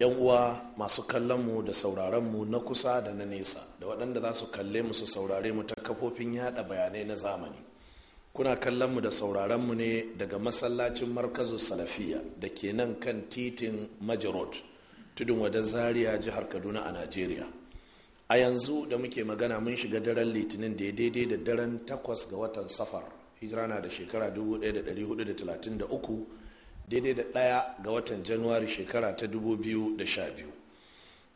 'yan uwa masu kallon mu da sauraron mu na kusa da na nesa da waɗanda za su kalle mu su saurare mu ta kafofin yada bayanai na zamani kuna kallon mu da sauraron mu ne daga masallacin markazu salafiya da ke nan kan titin majorod tudun wadan zaria jihar kaduna a najeriya a yanzu da muke magana mun shiga daren litinin da ya daidai da daren takwas ga watan safar hijira na da shekara 1433 daidai da ɗaya ga watan januwari shekara ta 2012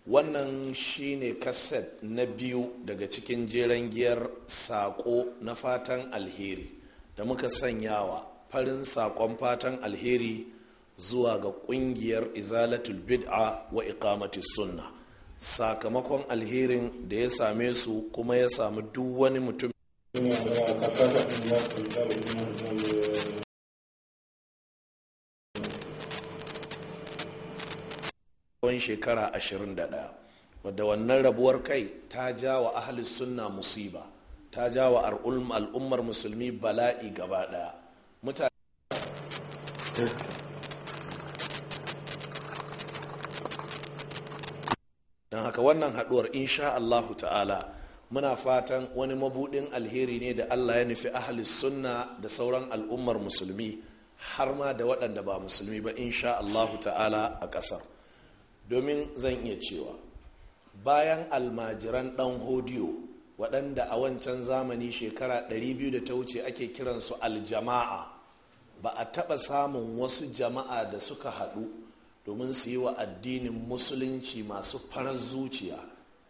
wannan shine kaset na biyu daga cikin jeren giyar sako na fatan alheri da muka sanyawa farin sakon fatan alheri zuwa ga kungiyar izalatul bid'a wa ikamatu sunna sakamakon alherin da ya same su kuma ya sami duk wani mutum tsawon shekara 21 wadda wannan rabuwar kai ta ja wa ahalis sunna musiba ta ja wa al'ummar musulmi bala'i gaba daya mutane don haka wannan haduwar insha Allahu ta'ala muna fatan wani mabudin alheri ne da Allah ya nufi ahalis sunna da sauran al'ummar musulmi har ma da waɗanda ba musulmi ba insha Allahu ta'ala a ƙasar domin zan iya cewa bayan almajiran ɗan hodiyo waɗanda a wancan zamani shekara 200 da ta wuce ake kiransu aljama'a ba a taɓa samun wasu jama'a da suka haɗu domin su yi wa addinin musulunci masu farar zuciya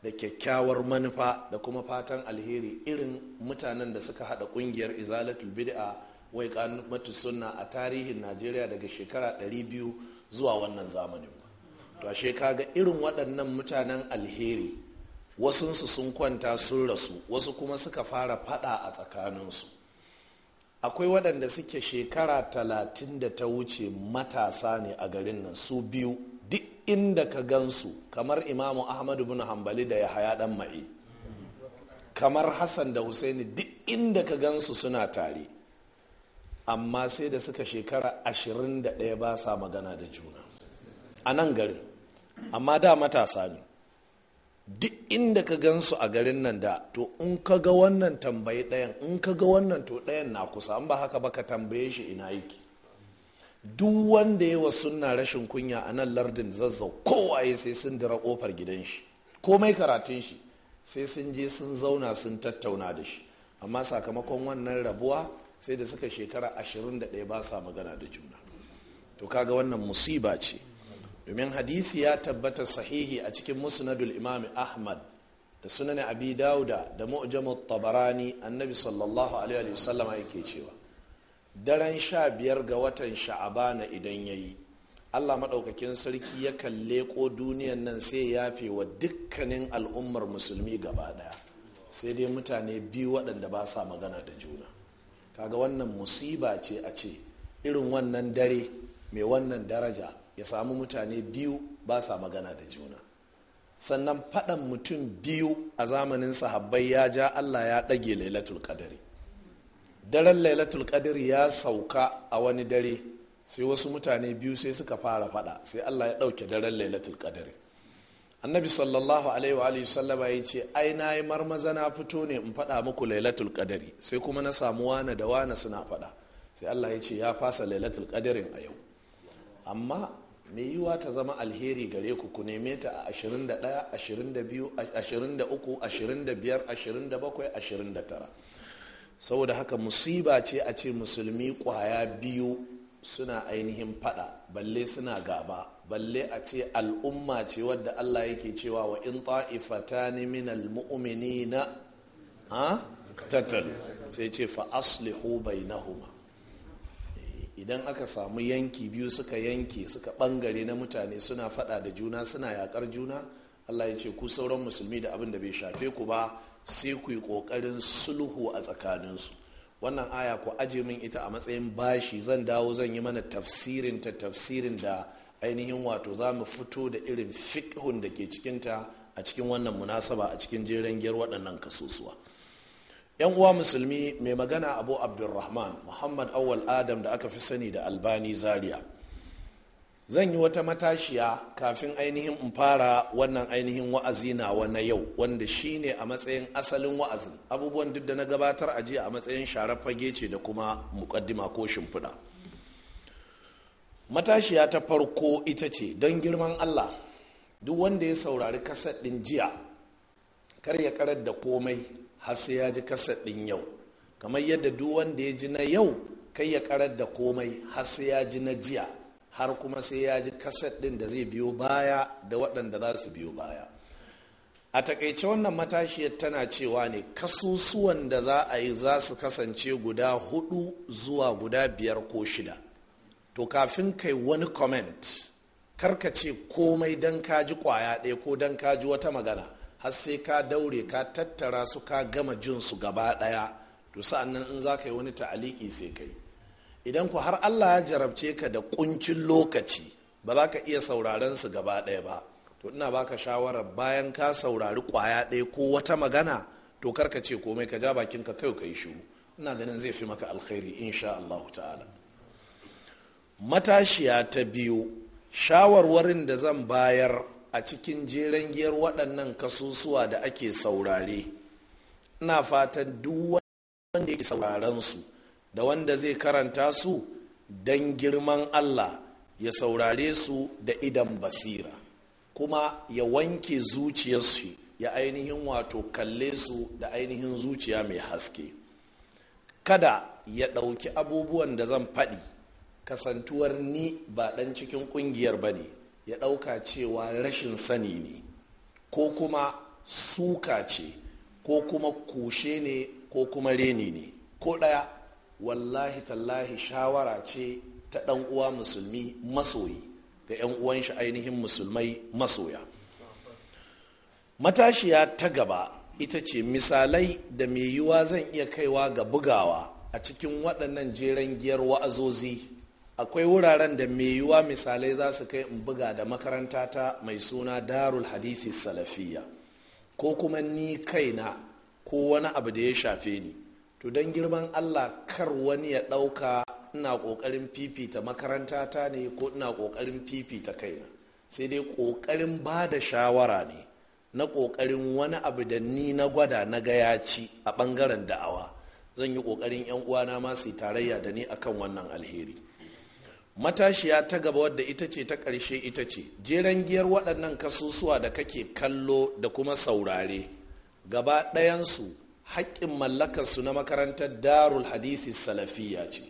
da kyakkyawar manufa da kuma fatan alheri irin mutanen da suka haɗa ƙungiyar izalatul bid'a wai kanmatu sunna a tarihin najeriya daga shekara 200 zuwa wannan zamanin to ashe kaga irin waɗannan mutanen alheri wasunsu sun kwanta sun rasu wasu kuma suka fara fada a tsakaninsu akwai waɗanda suke shekara talatin da ta wuce matasa ne a garin nan su biyu duk inda ka gansu kamar imamu ahmadu bin hambali da yahaya dan ma'i kamar hassan da husaini duk inda ka gansu suna tare amma sai da suka shekara ashirin 21 ba sa magana da juna a nan garin amma da matasa ne duk inda ka gan su a garin nan da to in ka ga wannan tambayi ɗayan in ka ga wannan to ɗayan na kusa an ba haka ba ka tambaye shi ina yake duk wanda ya suna rashin kunya a nan lardin zazzau kowaye sai sun dira kofar gidan shi komai karatun shi sai sun je sun zauna sun tattauna da shi amma sakamakon wannan rabuwa sai da suka shekara 21 ba sa magana da juna to kaga wannan musiba ce domin hadisi ya tabbata sahihi a cikin musnadul imami ahmad da sunan abi dauda da mu'jamut tabarani annabi sallallahu alaihi sallam yake cewa daren sha biyar ga watan sha'abana idan yayi allah maɗaukakin sarki ya kalle ko duniyan nan sai ya fi wa dukkanin al'ummar musulmi gaba ɗaya sai dai mutane biyu waɗanda ba sa magana da juna kaga wannan musiba ce a ce irin wannan dare mai wannan daraja ya samu mutane biyu ba sa magana da juna sannan faɗan mutum biyu a zamanin sahabbai ya ja allah ya ɗage lailatul qadari daren lailatul qadari ya sauka a wani dare sai wasu mutane biyu sai suka fara faɗa sai allah ya ɗauke daren lailatul qadari annabi sallallahu alaihi wa sallama ya ce ai na yi marmaza na fito ne in faɗa muku lailatul qadari sai kuma na samu wana da wana suna faɗa sai allah ya ce ya fasa lailatul qadarin a yau amma mai yiwuwa ta zama alheri gare ku ku neme ta a 21 22 23 25 27 29 saboda haka musiba ce a ce musulmi kwaya biyu suna ainihin fada balle suna gaba balle a ce al'umma ce wadda Allah yake cewa wa in ne minal mu'minina ha tattalin? sai ce fa aslihu bainahuma idan aka samu yanki biyu suka yanke suka bangare na mutane suna fada da juna suna yakar juna allah ya ce ku sauran musulmi da abin da bai shafe ku ba sai ku yi kokarin sulhu a tsakaninsu wannan aya ku aje min ita a matsayin bashi zan dawo zan yi mana tafsirin ta tafsirin da ainihin wato za mu fito da irin fikhun da ke cikinta a cikin wannan munasaba a cikin jeren gyar waɗannan kasusuwa. yan uwa musulmi mai magana abu abdulrahman muhammad awal adam da aka fi sani da albani zaria zan yi wata matashiya kafin ainihin in fara wannan ainihin wa'azi nawa na yau wanda shi ne a matsayin asalin wa'azin abubuwan duk da na gabatar a jiya a matsayin sharar fage ce da kuma mukaddima ko shimfiɗa matashiya ta farko ita ce don girman allah duk wanda ya saurari kasar ɗin jiya kar ya karar da komai har sai ya ji kaset ɗin yau kamar yadda duk wanda ya ji na yau kai ya karar da komai har sai ya ji na jiya har kuma sai ya ji kaset ɗin da zai biyo baya da waɗanda za su biyo baya a takaice wannan matashiyar tana cewa ne kasusuwan da za a yi za su kasance guda hudu zuwa guda biyar ko shida to kafin kai wani comment karka ce komai don kaji kwaya ɗaya ko don kaji wata magana har sai ka daure ka tattara su ka gama jin su gaba ɗaya to sa'an in za ka yi wani ta'aliki sai ka yi idan ku har allah ya jarabce ka da kuncin lokaci ba za ka iya sauraren su gaba ɗaya ba to ina baka shawarar bayan ka saurari kwaya ɗaya ko wata magana to kar ka ce komai ka ja bakin ka kai yi shiru ina ganin zai fi maka alkhairi insha Allah ta'ala matashiya ta biyu shawarwarin da zan bayar a cikin jeren giyar waɗannan kasusuwa da ake saurare ina fatan duk wanda yake sauraron su da wanda zai karanta su don girman allah ya saurare su da idan basira kuma ya wanke zuciyarsu ya ainihin wato kalle su da ainihin zuciya mai haske kada ya ɗauki abubuwan da zan faɗi kasantuwar ni ba ɗan cikin ƙungiyar ba ne ya ɗauka cewa rashin sani ne ko kuma suka ce ko kuma kushe ne ko kuma reni ne ko ɗaya wallahi tallahi shawara ce ta ɗan uwa musulmi masoyi ga 'yan uwan shi ainihin musulmai masoya matashiya ta gaba ita ce misalai da mai yiwuwa zan iya kaiwa ga bugawa a cikin waɗannan jeren giyar wa'azozi akwai wuraren da mai yiwuwa misalai za su kai in buga da makaranta ta mai suna darul hadithi salafiya ko kuma ni kaina ko wani abu da ya shafe ni to don girman allah kar wani ya ɗauka ina ƙoƙarin fifita makaranta ta ne ko ina ƙoƙarin fifita kaina sai dai ƙoƙarin ba da shawara ne na ƙoƙarin wani abu da ni na gwada na gayaci a ɓangaren da'awa zan yi ƙoƙarin 'yan uwana ma su tarayya da ni akan wannan alheri matashiya ta gaba wadda ita ce ta ƙarshe ita ce jeren giyar waɗannan kasusuwa da kake kallo da kuma saurare gaba ɗayansu haƙƙin mallakarsu na makarantar darul hadisi salafiya ce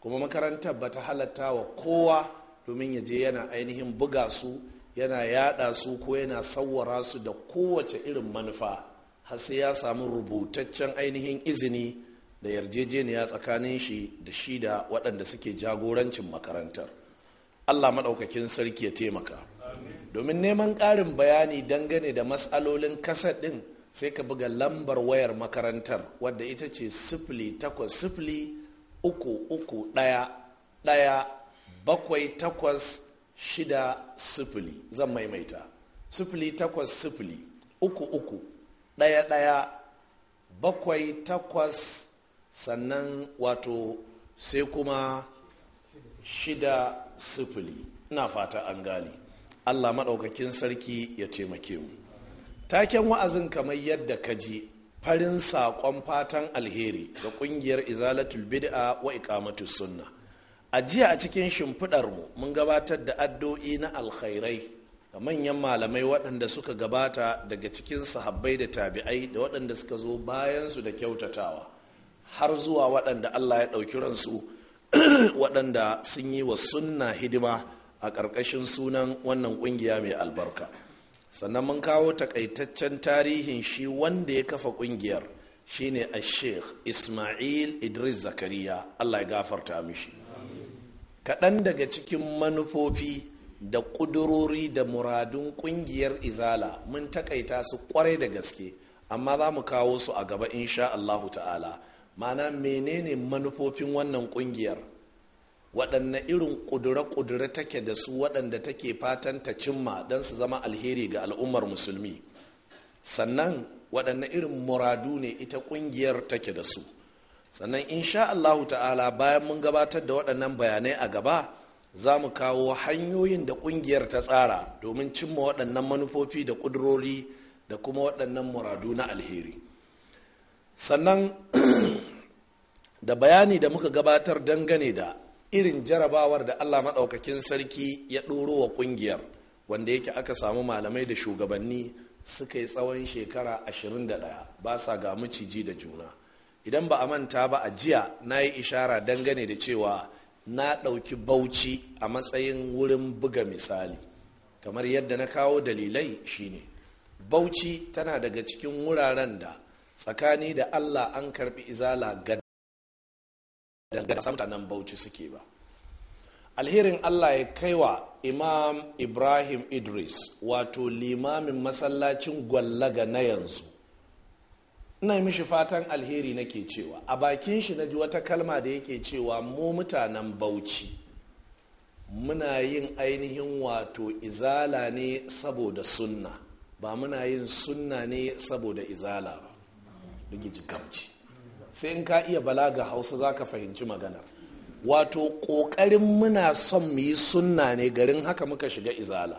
kuma makarantar bata ta halatta wa kowa domin ya je yana ainihin buga su yana yada su ko yana sawwara su da kowace irin manufa har sai ya samu rubutaccen ainihin izini da yarjejeniya tsakanin shi da shi da waɗanda suke jagorancin makarantar allah maɗaukakin sarki ya taimaka domin neman ƙarin bayani dangane da matsalolin kasar ɗin sai ka buga lambar wayar makarantar wadda ita ce sifili takwas sifili uku uku ɗaya ɗaya bakwai takwas shida sifili zan maimaita sifili takwas sifili uku uku ɗaya ɗaya bakwai takwas sannan wato sai kuma shida sifili ina fata an gane allah maɗaukakin sarki ya taimake mu taken wa'azin kamar yadda ka ji farin saƙon fatan alheri ga ƙungiyar izalatul bid'a wa iqamatu sunna a jiya a cikin shimfiɗar mu mun gabatar da addu'o'i na alkhairai ga manyan malamai waɗanda suka gabata daga cikin sahabbai da tabi'ai da waɗanda suka zo bayansu da kyautatawa har zuwa waɗanda Allah ya ɗauki ransu waɗanda sun yi wa sunna hidima a ƙarƙashin sunan wannan ƙungiya mai albarka sannan mun kawo takaitaccen tarihin shi wanda ya kafa ƙungiyar shine a sheikh ismail idris zakariya Allah ya gafarta mishi kaɗan daga cikin manufofi da ƙudurori da muradun ƙungiyar izala mun takaita su ƙwarai da gaske amma za mu kawo su a gaba insha Allahu ta'ala ma'ana menene manufofin wannan kungiyar waɗanne irin ƙudure-ƙudure take da su waɗanda take fatan ta cimma don su zama alheri ga al'ummar musulmi sannan waɗanne irin muradu ne ita ƙungiyar take da su sannan insha Allah ta'ala bayan mun gabatar da waɗannan bayanai a gaba za mu kawo hanyoyin da ƙungiyar ta tsara domin cimma waɗannan manufofi da ƙudurori da kuma waɗannan muradu na alheri sannan da bayani da muka gabatar dangane da irin jarabawar da allah maɗaukakin sarki ya ɗoro wa ƙungiyar wanda yake aka samu malamai da shugabanni suka yi tsawon shekara 21 ba sa ga maciji da juna idan ba a manta ba a jiya na yi ishara dangane da cewa na ɗauki bauchi a matsayin wurin buga misali kamar yadda na kawo dalilai shine bauchi tana daga cikin wuraren da tsakani da allah an karbi izala ga dangane mutanen bauchi suke ba alherin allah ya kai wa imam ibrahim idris wato limamin masallacin gwallaga na yanzu ina mishi fatan alheri nake cewa a bakin shi na ji wata kalma da yake cewa mu mutanen bauchi muna yin ainihin wato izala ne saboda sunna ba muna yin sunna ne saboda izala ba rigiji gamci sai in ka iya bala ga hausa za ka fahimci magana wato ƙoƙarin muna son mu yi sunna ne garin haka muka shiga izala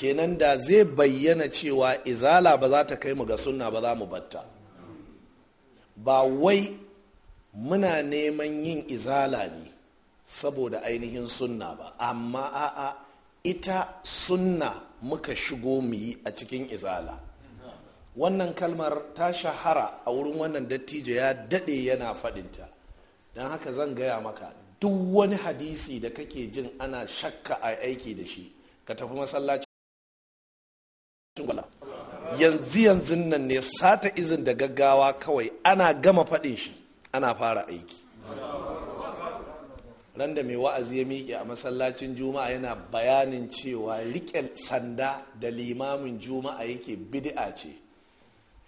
kenan da zai bayyana cewa izala ba za ta kai mu ga sunna ba za mu batta ba wai muna neman yin izala ne saboda ainihin sunna ba amma a'a ita sunna muka shigo mu yi a cikin izala wannan kalmar ta shahara a wurin wannan dattijo ya daɗe yana faɗinta don haka zan gaya maka duk wani hadisi da kake jin ana shakka a aiki da shi ka tafi masallaci yanzu yanzu nan ne sata izin da gaggawa kawai ana gama faɗin shi ana fara aiki ran da mai wa'azi ya miƙe a masallacin juma'a yana bayanin cewa riƙe sanda da limamin juma'a yake bid'a ce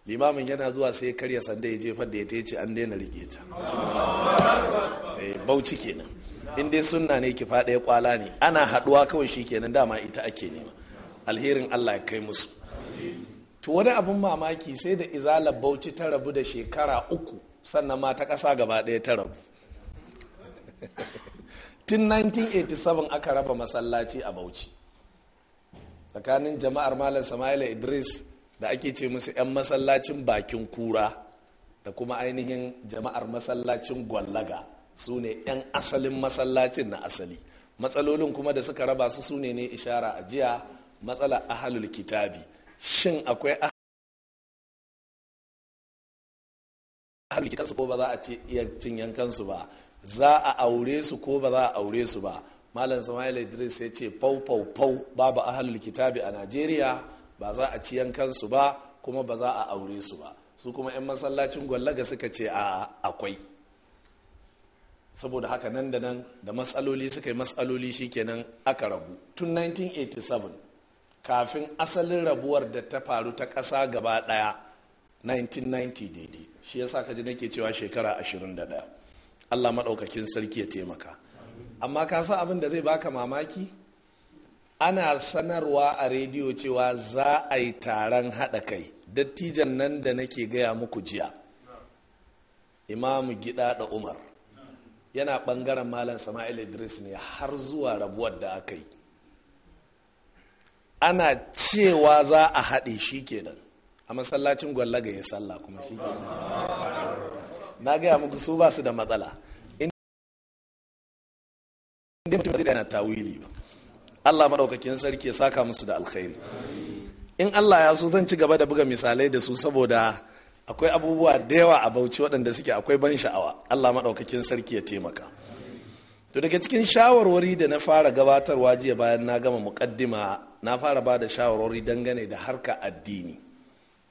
limamin yana zuwa sai ya karya sanda ya jefar da ya ta ce an daina rike ta eh, bauchi kenan in dai sunna ne ki faɗa ya kwala ne ana haɗuwa kawai shi kenan dama ita ake nema alherin allah ya kai musu to wani abin mamaki sai da izalar bauchi ta rabu da shekara uku sannan ma ta ƙasa gaba ɗaya ta rabu tun 1987 aka raba masallaci a bauchi tsakanin jama'ar malam sama'ila idris da ake ce musu 'yan masallacin bakin kura da kuma ainihin jama'ar masallacin gwallaga su ne 'yan asalin masallacin na asali matsalolin kuma da suka raba su su ne ne ishara a jiya matsala ahalul kitabi shin akwai ahalul kitabi ko ba za a ce iya cin yankansu ba za a aure su ko ba za a aure su ba malam sama'il idris ya ce fau fau fau babu ahalul kitabi a najeriya ba za a ci yankansu ba kuma ba za a aure su ba su kuma 'yan masallacin gwallaga suka ce a akwai saboda haka nan da nan da matsaloli suka yi matsaloli shikenan aka rabu tun 1987 kafin asalin rabuwar da ta faru ta ƙasa gaba ɗaya 1990 daidai shi yasa ka ji nake cewa shekara 21 allah maɗaukakin sarki ya taimaka amma ka sa abin da zai baka mamaki ana sanarwa a rediyo cewa za a yi taron haɗa kai dattijan nan da nake gaya muku jiya imamu gida da umar yana ɓangaren malam sama'il idris ne har zuwa rabuwar da aka yi ana cewa za a haɗe shi kenan a masallacin gwallaga ya sallah kuma shi kenan na gaya muku su ba su da matsala inda. mutum da yana tawili ba Allah maɗaukakin sarki ya saka musu da alkhairi in Allah ya so zan ci gaba da buga misalai da su saboda akwai abubuwa da yawa a bauchi waɗanda suke akwai ban sha'awa Allah maɗaukakin sarki ya taimaka to daga cikin shawarwari da na fara gabatarwa jiya bayan na gama muƙaddima na fara ba da shawarwari dangane da harka addini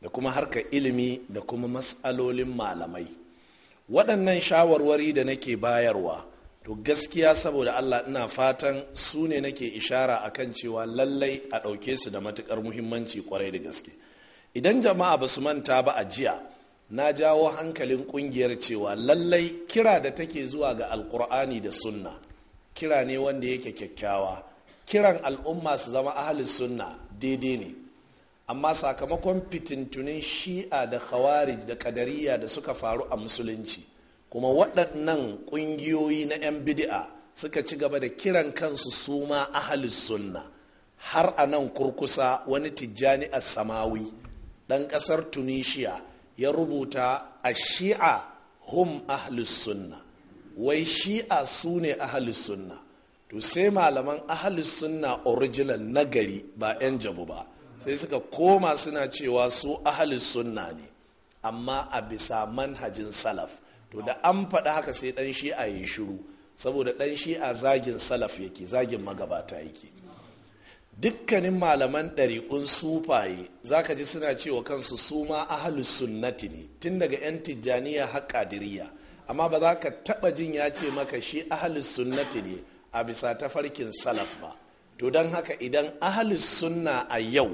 da kuma harka ilimi da kuma mas'alolin malamai waɗannan shawarwari da nake bayarwa to gaskiya saboda allah ina fatan su ne nake ishara akan cewa lallai a ɗauke su da matuƙar muhimmanci kwarai da gaske idan jama'a ba su manta ba a jiya na jawo hankalin ƙungiyar cewa lallai kira da take zuwa ga alkur'ani da sunna kira ne wanda yake kyakkyawa kiran al'umma su zama ahalin sunna daidai ne amma sakamakon fitintunin shi'a da khawarij da kadariya da suka faru a musulunci kuma waɗannan ƙungiyoyi na 'yan bidi'a suka ci gaba da kiran kansu su ma ahalis sunna har a nan kurkusa wani tijjani a samawi ɗan ƙasar tunisia ya rubuta a shi'a hum ahalis sunna wai shi'a su ne ahalis sunna to sai malaman ahalis sunna original na gari ba 'yan jabu ba sai suka koma suna cewa su ahalis sunna ne amma a bisa manhajin salaf to da an faɗa haka sai ɗan shi'a ya shiru saboda ɗan shi'a zagin salaf yake zagin magabata yake dukkanin malaman ɗari'un sufaye za ka ji suna cewa kansu su ma ahalus sunnati ne tun daga 'yan tijjaniya har ƙadiriya amma ba za ka taɓa jin ya ce maka shi ahalus sunnati ne a bisa tafarkin salaf ba to don haka idan ahalus sunna a yau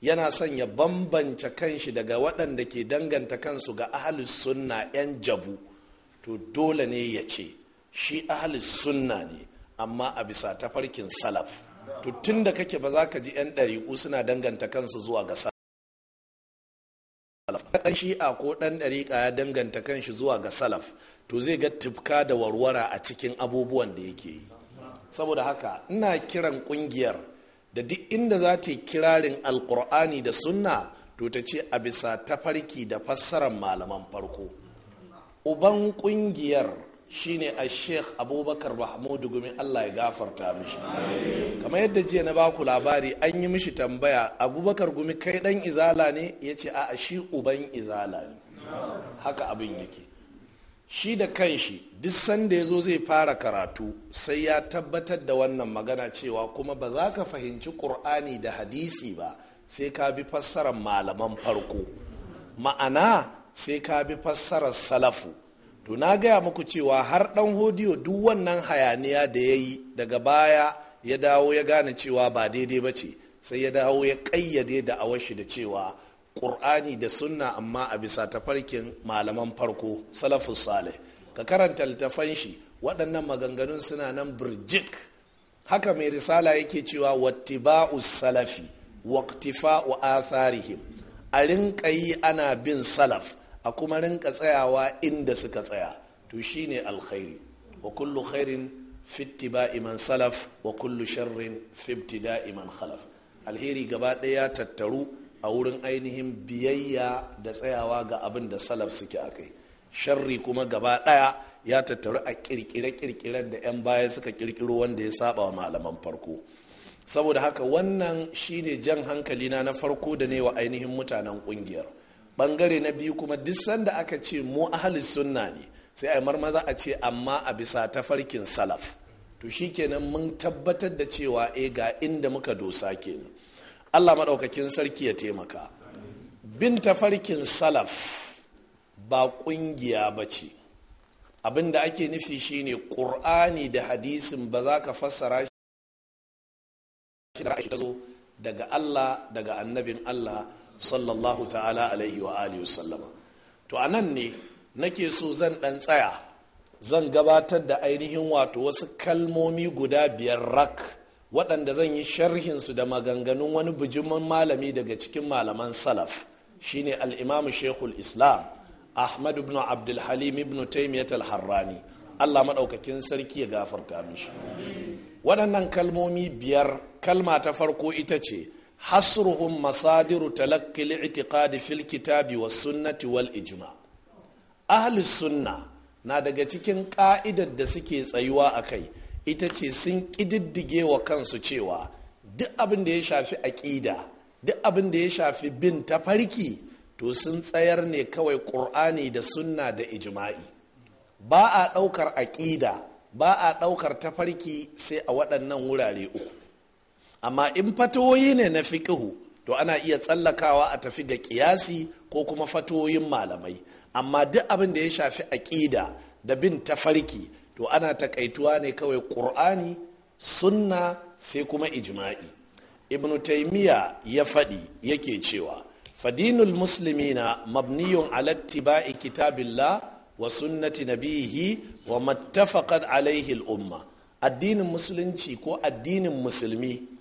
yana son ya bambance kanshi daga waɗanda ke danganta kansu ga ahalus sunna 'yan jabu to dole ne ya ce shi ahli sunna ne amma a bisa tafarkin salaf to tun da kake ba za ka ji 'yan ɗariƙu suna danganta kansu zuwa ga salaf ɗan shi'a ko ɗan ɗariƙa ya danganta kanshi zuwa ga salaf to zai ga tufka da warwara a cikin abubuwan da yake yi saboda haka ina kiran ƙungiyar da duk inda za ta yi kirarin alƙur'ani da sunna to ta ce a bisa tafarki da fassarar malaman farko uban kungiyar shine a sheikh abubakar mahmudu gumi allah ya gafarta mishi kamar yadda jiya na baku labari an yi mishi tambaya abubakar gumi kai dan izala ne ya ce a shi uban izala ne haka abin yake shi da kanshi duk sanda ya zo zai fara karatu sai ya tabbatar da wannan magana cewa kuma ba za ka fahimci ƙur'ani da hadisi ba sai ka bi fassarar malaman farko ma'ana sai ka bi fassarar salafu to na gaya muku cewa har dan hodiyo duk wannan hayaniya da ya yi daga baya ya dawo ya gane cewa ba daidai ba ce sai ya dawo ya ƙayyade da awashi da cewa ƙur'ani da sunna amma a bisa tafarkin malaman farko salafus salih ka karanta littafan shi waɗannan maganganun suna nan birjik haka mai risala yake cewa wattiba'u salafi waqtifa'u atharihim a rinka yi ana bin salaf a kuma rinka tsayawa inda suka tsaya to shine alkhairi wa kullu khairin fi ittiba'i man salaf wa kullu sharrin fi ibtida'i man khalaf alheri gaba ɗaya tattaru a wurin ainihin biyayya da tsayawa ga abin da salaf suke a kai. sharri kuma gaba ɗaya ya tattaru a kirkire-kirkiren da 'yan baya suka kirkiro wanda ya saba wa malaman farko saboda haka wannan shine jan hankalina na farko da ne wa ainihin mutanen kungiyar bangare na biyu kuma duk sanda aka ce mu ahalis sunna ne sai a marmaza a ce amma a bisa tafarkin salaf to shikenan mun tabbatar da cewa e ga inda muka dosa kenan allah maɗaukakin sarki ya taimaka bin tafarkin salaf ba ƙungiya ba ce abin da ake nufi shine ƙur'ani da hadisin ba za ka fassara shi da zo daga allah daga annabin allah sallallahu ta'ala alaihi wa alihi sallama to a nan ne nake so zan ɗan tsaya zan gabatar da ainihin wato wasu kalmomi guda biyar rak waɗanda zan yi sharhinsu da maganganun wani bijimin malami daga cikin malaman salaf shine imam shekul islam ahmad ibn abdulhalim ibn taimiyat al-harrani allah maɗaukakin sarki ya gafarta mishi waɗannan kalmomi biyar kalma ta farko ita ce hasruhum masadiru talaqqi li'tiqadi fil kitabi was sunnati wal ijma ahli sunna na daga cikin ka'idar da suke tsayuwa a kai ita ce sun ƙididdige wa kansu cewa duk abin da ya shafi aƙida duk abin da ya shafi bin tafarki to sun tsayar ne kawai ƙur'ani da sunna da ijima'i ba a ɗaukar aƙida ba a ɗaukar tafarki sai a waɗannan wurare uku amma in fatoyi ne na kihu, to ana iya tsallakawa a tafi ga kiyasi ko kuma fatoyin malamai amma duk abin da ya shafi aƙida da bin tafarki to ana takaituwa ne kawai ƙur'ani sunna sai kuma ijma'i Ibn taimiya ya faɗi yake cewa fadinul muslimina mabniyun ala tiba'i kitabillah wa sunnati nabihi wa mattafaqat alaihi al'umma addinin musulunci ko addinin musulmi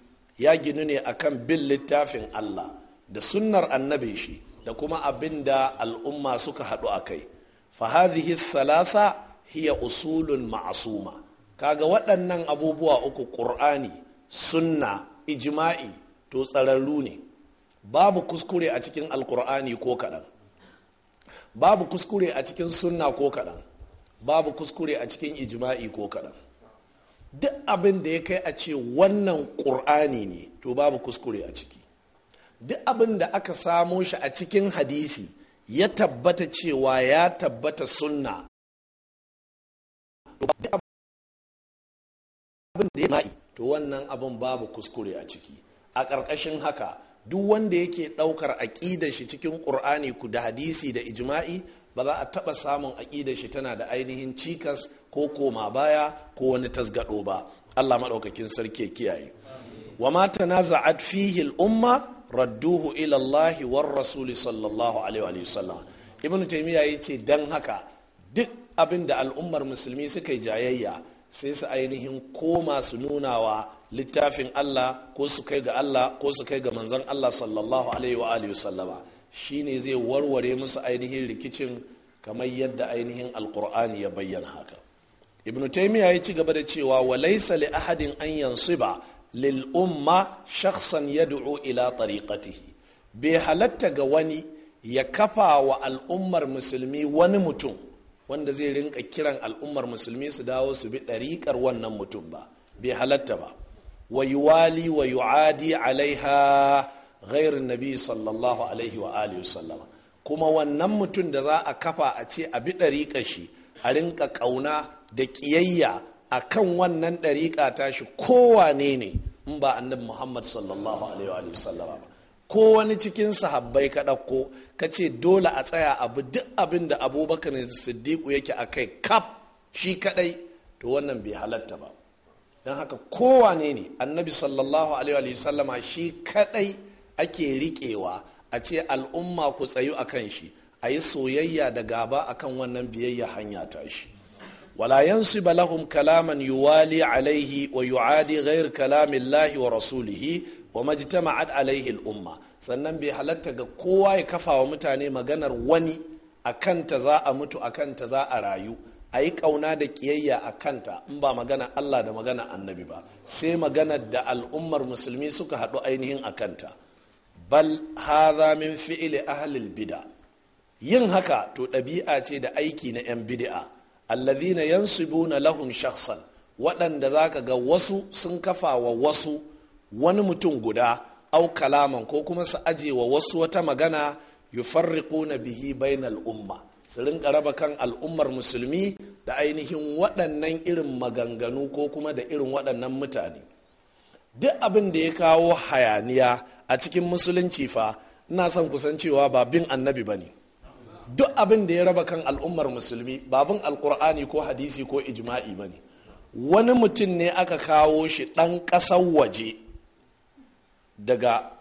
ya ginu ne akan bin littafin Allah da sunnar annabin shi da kuma abin da al'umma suka haɗu a kai fahazihi salasa hiya usulun ma'asuma kaga waɗannan abubuwa uku ƙur'ani sunna ijima'i to tsararru ne babu kuskure a cikin alƙur'ani ko kaɗan babu kuskure a cikin sunna ko kaɗan babu kuskure a cikin ijima'i ko kaɗan duk abin da ya kai a ce wannan ƙur'ani ne to babu kuskure a ciki duk abin da aka samo shi a cikin hadisi ya tabbata cewa ya tabbata sunna abin da ya to wannan abin babu kuskure a ciki a ƙarƙashin haka duk wanda yake ɗaukar aƙidar shi cikin ƙur'ani ku da hadisi da ijma'i ba za a taɓa samun aƙidar shi tana da ainihin cikas ko koma baya ko wani tasgado ba allah maɗaukakin sarki kiyaye wa mata na za'ad fihil umma radduhu ila Allah war rasul sallallahu alaihi wa sallam ibnu taymiya yace dan haka duk abin da al'ummar musulmi suka yi jayayya sai su ainihin koma su nunawa littafin Allah ko su kai ga Allah ko su kai ga manzon Allah sallallahu alaihi wa sallama shine zai warware musu ainihin rikicin kamar yadda ainihin alkur'ani ya bayyana haka ibnu taimiyya ya ci gaba da cewa wa laisa li ahadin an ba, lil umma shakhsan yad'u ila tariqatihi bai halatta ga wani ya kafa wa al'ummar musulmi wani mutum wanda zai rinka kiran al'ummar musulmi su dawo su bi ɗariƙar wannan mutum ba bai halatta ba wa yuwali wa yu'adi alaiha ghairin nabi sallallahu alaihi wa alihi sallama kuma wannan mutum da za a kafa a ce a bi ɗariƙa shi a rinka ƙauna da ƙiyayya a kan wannan ɗariƙa tashi shi kowane ne in ba annabi muhammad sallallahu alaihi wa sallama ba ko wani cikin sahabbai ka ɗauko ka ce dole a tsaya abu duk abin da abubakar siddiqu yake a kai kaf shi kaɗai to wannan bai halarta ba don haka kowane ne annabi sallallahu alaihi wa sallama shi kaɗai ake riƙewa a ce al'umma ku tsayu a kan shi a yi soyayya da gaba a kan wannan biyayya hanya ta shi wala yansu balahum kalaman yuwali alaihi wa yu'adi ghair kalamillahi wa rasulihi wa majtama'at alaihi al'umma sannan bai halatta ga kowa ya kafa wa mutane maganar wani a kanta za a mutu a kanta za a rayu a yi ƙauna da ƙiyayya a kanta in ba magana Allah da magana annabi ba sai maganar da al'ummar musulmi suka haɗu ainihin a kanta bal haza min fi'ili ahlil bid'a yin haka to ɗabi'a ce da aiki na 'yan bid'a allazina yansibuna lahum shakhsan waɗanda za ka ga wasu sun kafa wa wasu wani mutum guda au kalaman ko kuma su aje wa wasu wata magana yufarriquna bihi bainal al'umma su rinka raba kan al'ummar musulmi da ainihin waɗannan irin maganganu ko kuma da irin waɗannan mutane duk abin da ya kawo hayaniya a cikin musulunci fa ina son kusan cewa ba bin annabi ba ne duk abin da ya raba kan al'ummar musulmi ba bin alkur'ani ko hadisi ko ijma'i ba ne wani mutum ne aka kawo shi ɗan ƙasar waje daga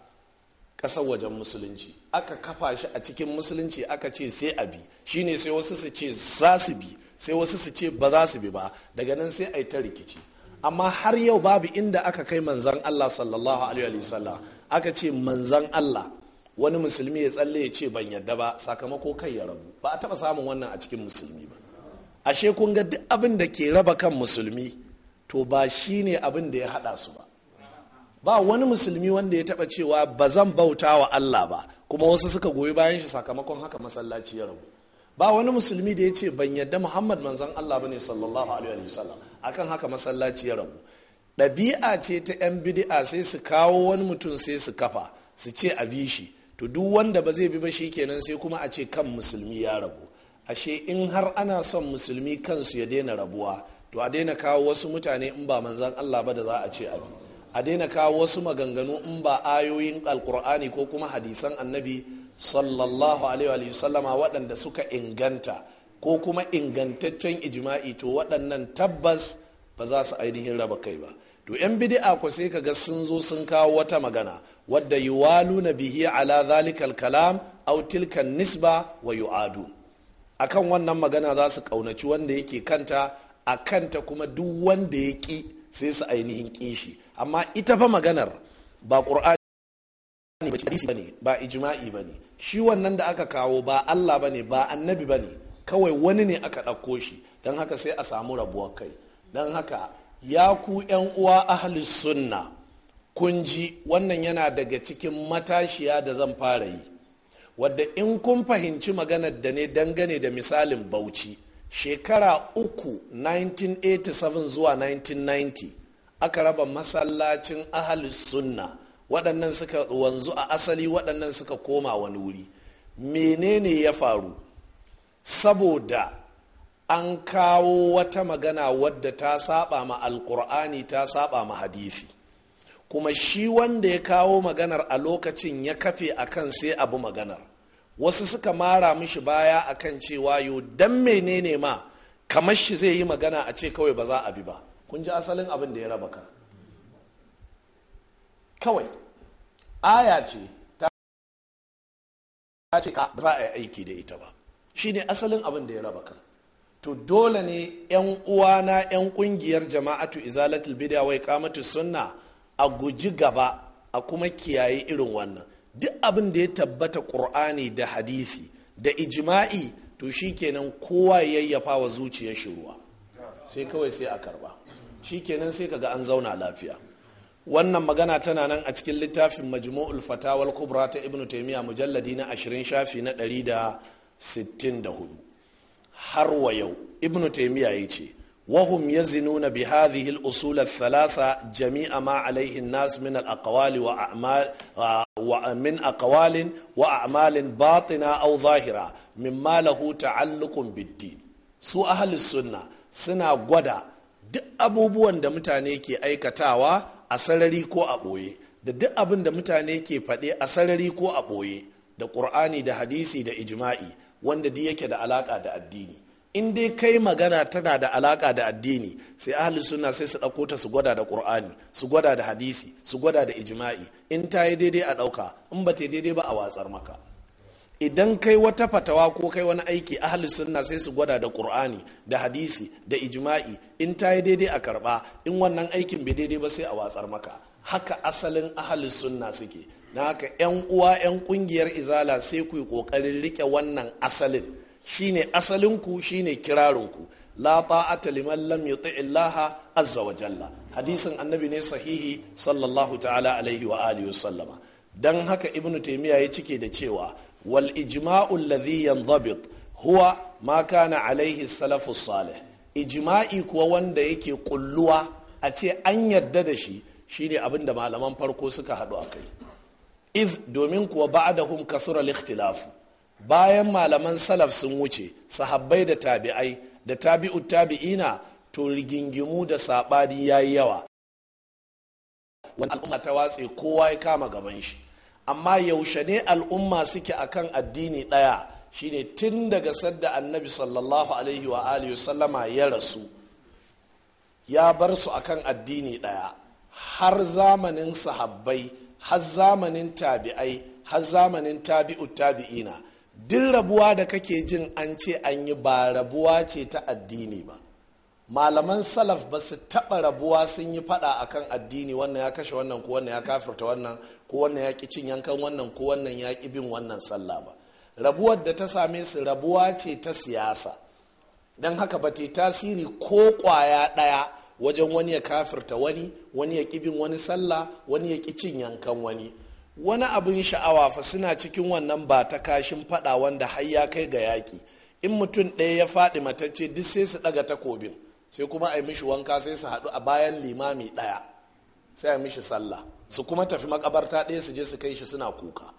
ƙasar wajen musulunci aka kafa shi a cikin musulunci aka ce sai a bi ne sai wasu su ce za su bi sai wasu su ce ba za su bi ba daga nan sai a ta rikici amma har yau babu inda aka kai manzan allah sallallahu alaihi wasallam aka ce manzan Allah wani musulmi ya tsalle ya ce ban yadda ba sakamako kai ya rabu ba a taba samun wannan a cikin musulmi ba ashe kun ga duk abin da ke raba kan musulmi to ba shi ne abin da ya hada su ba ba wani musulmi wanda ya taba cewa ba zan bauta wa Allah ba kuma wasu suka goyi bayan shi sakamakon haka masallaci ya rabu ba wani musulmi da ya ce ban yadda Muhammad manzan Allah bane sallallahu alaihi wasallam akan haka masallaci ya rabu ɗabi'a ce ta 'yan bidi'a sai su kawo wani mutum sai su kafa su ce a bi shi to duk wanda ba zai bi ba shi kenan sai kuma a ce kan musulmi ya rabu ashe in har ana son musulmi kansu ya daina rabuwa to a daina kawo wasu mutane in ba manzan Allah ba da za a ce a bi a daina kawo wasu maganganu in ba ayoyin alkur'ani ko kuma hadisan annabi sallallahu alaihi wa sallama waɗanda suka inganta ko kuma ingantaccen ijma'i to waɗannan tabbas ba za su ainihin raba kai ba to yan bidi'a ku sai kaga sun zo sun kawo wata magana wadda yuwaluna bihi ala zalikal kalam au tilkan nisba wa yu'adu akan wannan magana za su kaunaci wanda yake kanta a kanta kuma duk wanda ya ki sai su ainihin kishi amma ita fa maganar ba qur'ani ba hadisi bane ba ijma'i bane shi wannan da aka kawo ba Allah bane ba annabi bane kawai wani ne aka ɗauko shi don haka sai a samu rabuwar kai don haka ya ku 'yan uwa ahli sunna kun ji wannan yana daga cikin matashiya da zan fara yi wadda in kun fahimci maganar da ne dangane da misalin bauchi shekara uku 1987 zuwa 1990 aka raba masallacin ahli sunna waɗannan suka wanzu a asali waɗannan suka koma wani wuri menene ya faru saboda an kawo wata magana wadda ta saba ma alkur'ani ta saba ma hadisi kuma shi wanda ya kawo maganar a lokacin ya kafe akan sai abu maganar wasu suka mara mishi baya akan cewa yo dan menene ma kamar shi zai yi magana a ce kawai ba za a bi ba kun ji asalin abin da ya raba ka kawai aya ce ta ce ka ba za a yi aiki da ita ba shine asalin abin da ya raba ka to dole ne 'yan uwana 'yan kungiyar jama'atu izalatul bid'a wai kamatu sunna a guji gaba a kuma kiyaye irin wannan duk abin da ya tabbata qur'ani da hadisi da ijma'i to shikenan kowa ya yayyafa wa zuciyar shi ruwa sai kawai sai a karba shikenan sai kaga an zauna lafiya wannan magana tana nan a cikin littafin majmu'ul fatawal kubra ta ibnu taymiya mujalladi na 20 shafi na 164 har wa yau ibnu taimiya ya ce wahum yazinuna bi hadhihi al-usul ath-thalatha jami'a ma alayhi an-nas min al-aqwali wa min aqwalin wa a'malin batina aw zahira mimma lahu ta'alluqun bid-din su ahli sunna suna gwada duk abubuwan da mutane ke aikatawa a sarari ko a ɓoye da duk abin da mutane ke faɗe a sarari ko a ɓoye da ƙur'ani da hadisi da ijma'i wanda duk yake da alaka da addini in dai kai magana tana da alaka da addini sai ahli sunna sai su ɗauko ta su gwada da qur'ani su gwada da hadisi su gwada da ijma'i in ta yi daidai a ɗauka in ba ta daidai ba a watsar maka idan kai wata fatawa ko kai wani aiki ahli sunna sai su gwada da qur'ani da hadisi da ijma'i in ta yi daidai a karɓa, in wannan aikin bai daidai ba sai a watsar maka haka asalin ahli sunna suke na haka 'yan uwa 'yan kungiyar izala sai ku yi kokarin rike wannan asalin shine asalinku shine kirarinku la ta'ata liman lam illaha azza wa jalla hadisin annabi ne sahihi sallallahu ta'ala alaihi wa alihi wa sallama dan haka ibnu taymiya ya cike da cewa wal ijma'u alladhi yanzabit huwa ma kana alaihi salafus salih ijma'i kuwa wanda yake kulluwa a ce an yadda da shi shine abin da malaman farko suka haɗu a kai iz domin kuwa hum kasura ikhtilafu bayan malaman salaf sun wuce sahabbai da tabi'ai da tabi'u tabi'ina to rigingimu da sabani yayi yawa wani al'umma ta watse kowa ya kama gaban shi amma yaushe ne al'umma suke akan addini ɗaya shine tun daga sadda annabi sallallahu alaihi wa alihi sallama ya rasu ya bar su akan addini ɗaya har zamanin sahabbai har zamanin tabi'ai har zamanin tabi'u tabi'ina duk rabuwa da kake jin an ce an yi ba rabuwa ce ta addini ba malaman salaf ba su taɓa rabuwa sun yi faɗa akan addini wannan ya kashe wannan ko wannan ya kafirta wannan ko wannan ya ƙi cin yankan wannan ko wannan ya ƙi bin wannan sallah ba rabuwar da ta same su rabuwa ce ta siyasa don haka ba ta tasiri ko ƙwaya ɗaya wajen wani ya kafirta wani wani ya kibin wani sallah wani ya ki cin yankan wani wani abin sha'awa fa suna cikin wannan ba ta kashin faɗa wanda har ya kai ga yaki in mutum ɗaya ya faɗi matacce duk sai su ɗaga takobin sai kuma a yi mishi wanka sai su haɗu a bayan limami ɗaya sai a mishi sallah su kuma tafi makabarta ɗaya su je su kai shi suna kuka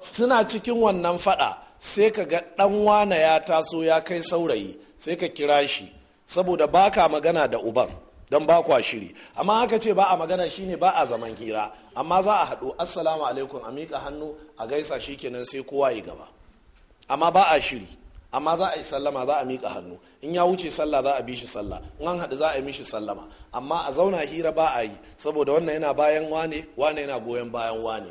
suna cikin wannan faɗa sai ka ga ɗan wana ya taso ya kai saurayi sai ka kira shi saboda baka magana da uban don ba kwa shiri amma haka ce ba a magana shine ba a zaman hira amma za a haɗu assalamu alaikum a miƙa hannu a gaisa shi kenan sai kowa ya gaba amma ba a shiri amma za a yi sallama za a miƙa hannu in ya wuce sallah za a bi shi sallah in an haɗu za a yi mishi sallama amma a zauna hira ba a yi saboda wannan yana bayan wane wane yana goyon bayan wane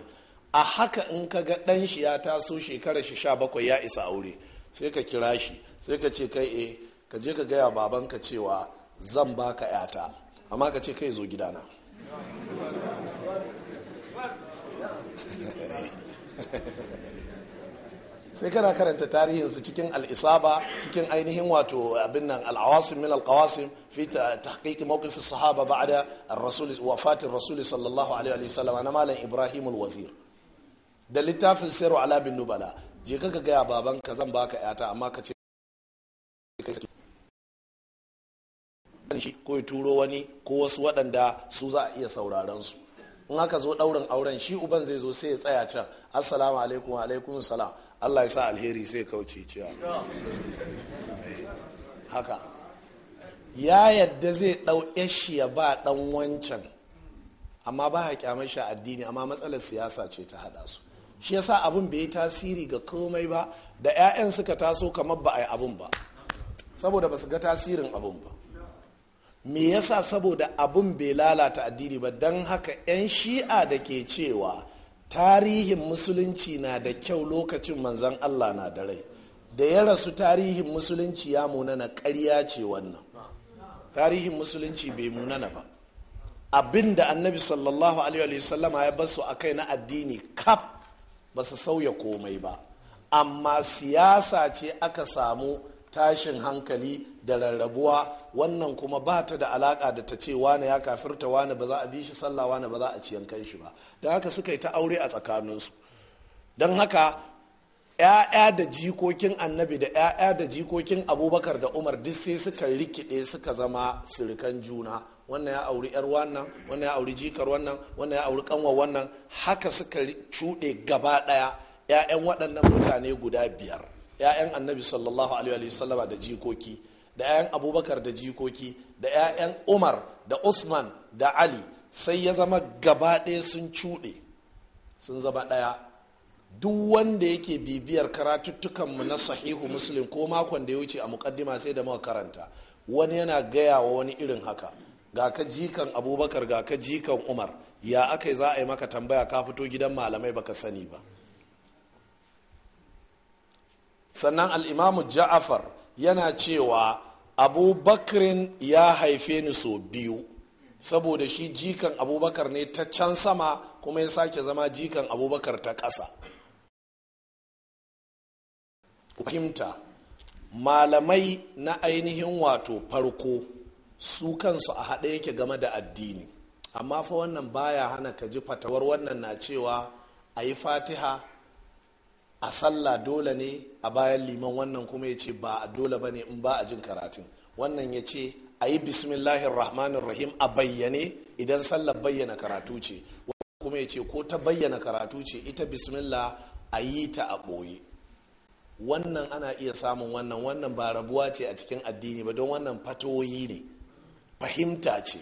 a haka in ka ga ɗan shi ya taso shekarar shi sha bakwai ya isa aure sai ka kira shi sai ka ce kai eh ka je ka gaya babanka cewa zan baka yata amma ka ce kai zo gidana sai kana karanta tarihinsu cikin al'isaba cikin ainihin wato abin nan al'awasim min al'awasim fi tahqiq mawqif as-sahaba ba'da ar-rasul wafatir sallallahu alaihi wa sallam na malam ibrahim al-wazir da littafin sirru ala bin nubala je ka ga ya baban ka zan baka yata amma ka ce shi ko ya turo wani ko wasu waɗanda su za a iya sauraron su in aka zo ɗaurin auren shi uban zai zo sai ya tsaya can assalamu alaikum wa alaikum salam allah ya sa alheri sai kauce ciya haka ya yadda zai ɗau shi ya ba ɗan wancan amma ba ya kyamar shi addini amma matsalar siyasa ce ta haɗa su shi ya sa abin bai yi tasiri ga komai ba da 'ya'yan suka taso kamar ba a yi abin ba saboda ba su ga tasirin abin ba me yasa saboda abin bai lalata addini ba don haka 'yan shi'a da ke cewa tarihin musulunci na da kyau lokacin manzan allah na da rai da ya rasu tarihin musulunci ya munana karya ce wannan tarihin musulunci bai munana ba abin da annabi sallallahu alaihi wasallama ya basu a kai na addini kaf ba su sauya komai ba amma siyasa ce aka samu tashin hankali da rarrabuwa wannan kuma ba ta da alaka da ta ce wane ya kafirta wane ba za a bi shi sallah wane ba za a ciyan kan shi ba don haka suka yi ta aure a tsakaninsu don haka 'ya'ya da jikokin annabi da 'ya'ya da jikokin abubakar da umar duk sai suka rikide suka zama sirikan juna wannan ya auri 'yar wannan wannan ya auri jikar wannan wannan ya auri kanwa wannan haka suka cuɗe gaba ɗaya 'ya'yan waɗannan mutane guda biyar 'ya'yan annabi sallallahu alaihi wasallama da jikoki da 'ya'yan abubakar da jikoki da 'ya'yan umar da usman da ali sai ya zama gaba ɗaya sun cuɗe sun zama ɗaya duk wanda yake bibiyar karatuttukanmu na sahihu muslim ko makon da ya wuce a mukaddima sai da muka karanta wani yana gaya wa wani irin haka ga ka jikan abubakar ga ka jikan umar ya aka za a yi maka tambaya ka fito gidan malamai baka sani ba sannan al'imamu ja'afar yana cewa abubakrin ya haife ni so biyu saboda shi jikan abubakar ne ta can sama kuma ya sake zama jikan abubakar ta ƙasa fahimta malamai na ainihin wato farko su kansu a haɗe yake game da addini amma fa wannan baya hana ka ji fatawar wannan na cewa a yi fatiha a sallah dole ne a bayan liman wannan kuma ya ce ba dole ba ne in ba a jin karatun wannan ya ce a yi bismillahir rahmanir rahim a bayyane idan sallar bayyana karatu ce kuma ya ce ko ta bayyana karatu ce ita bismillah a yi ta a ɓoye wannan ana iya samun wannan wannan ba rabuwa ce a cikin addini ba don wannan fatoyi ne fahimta ce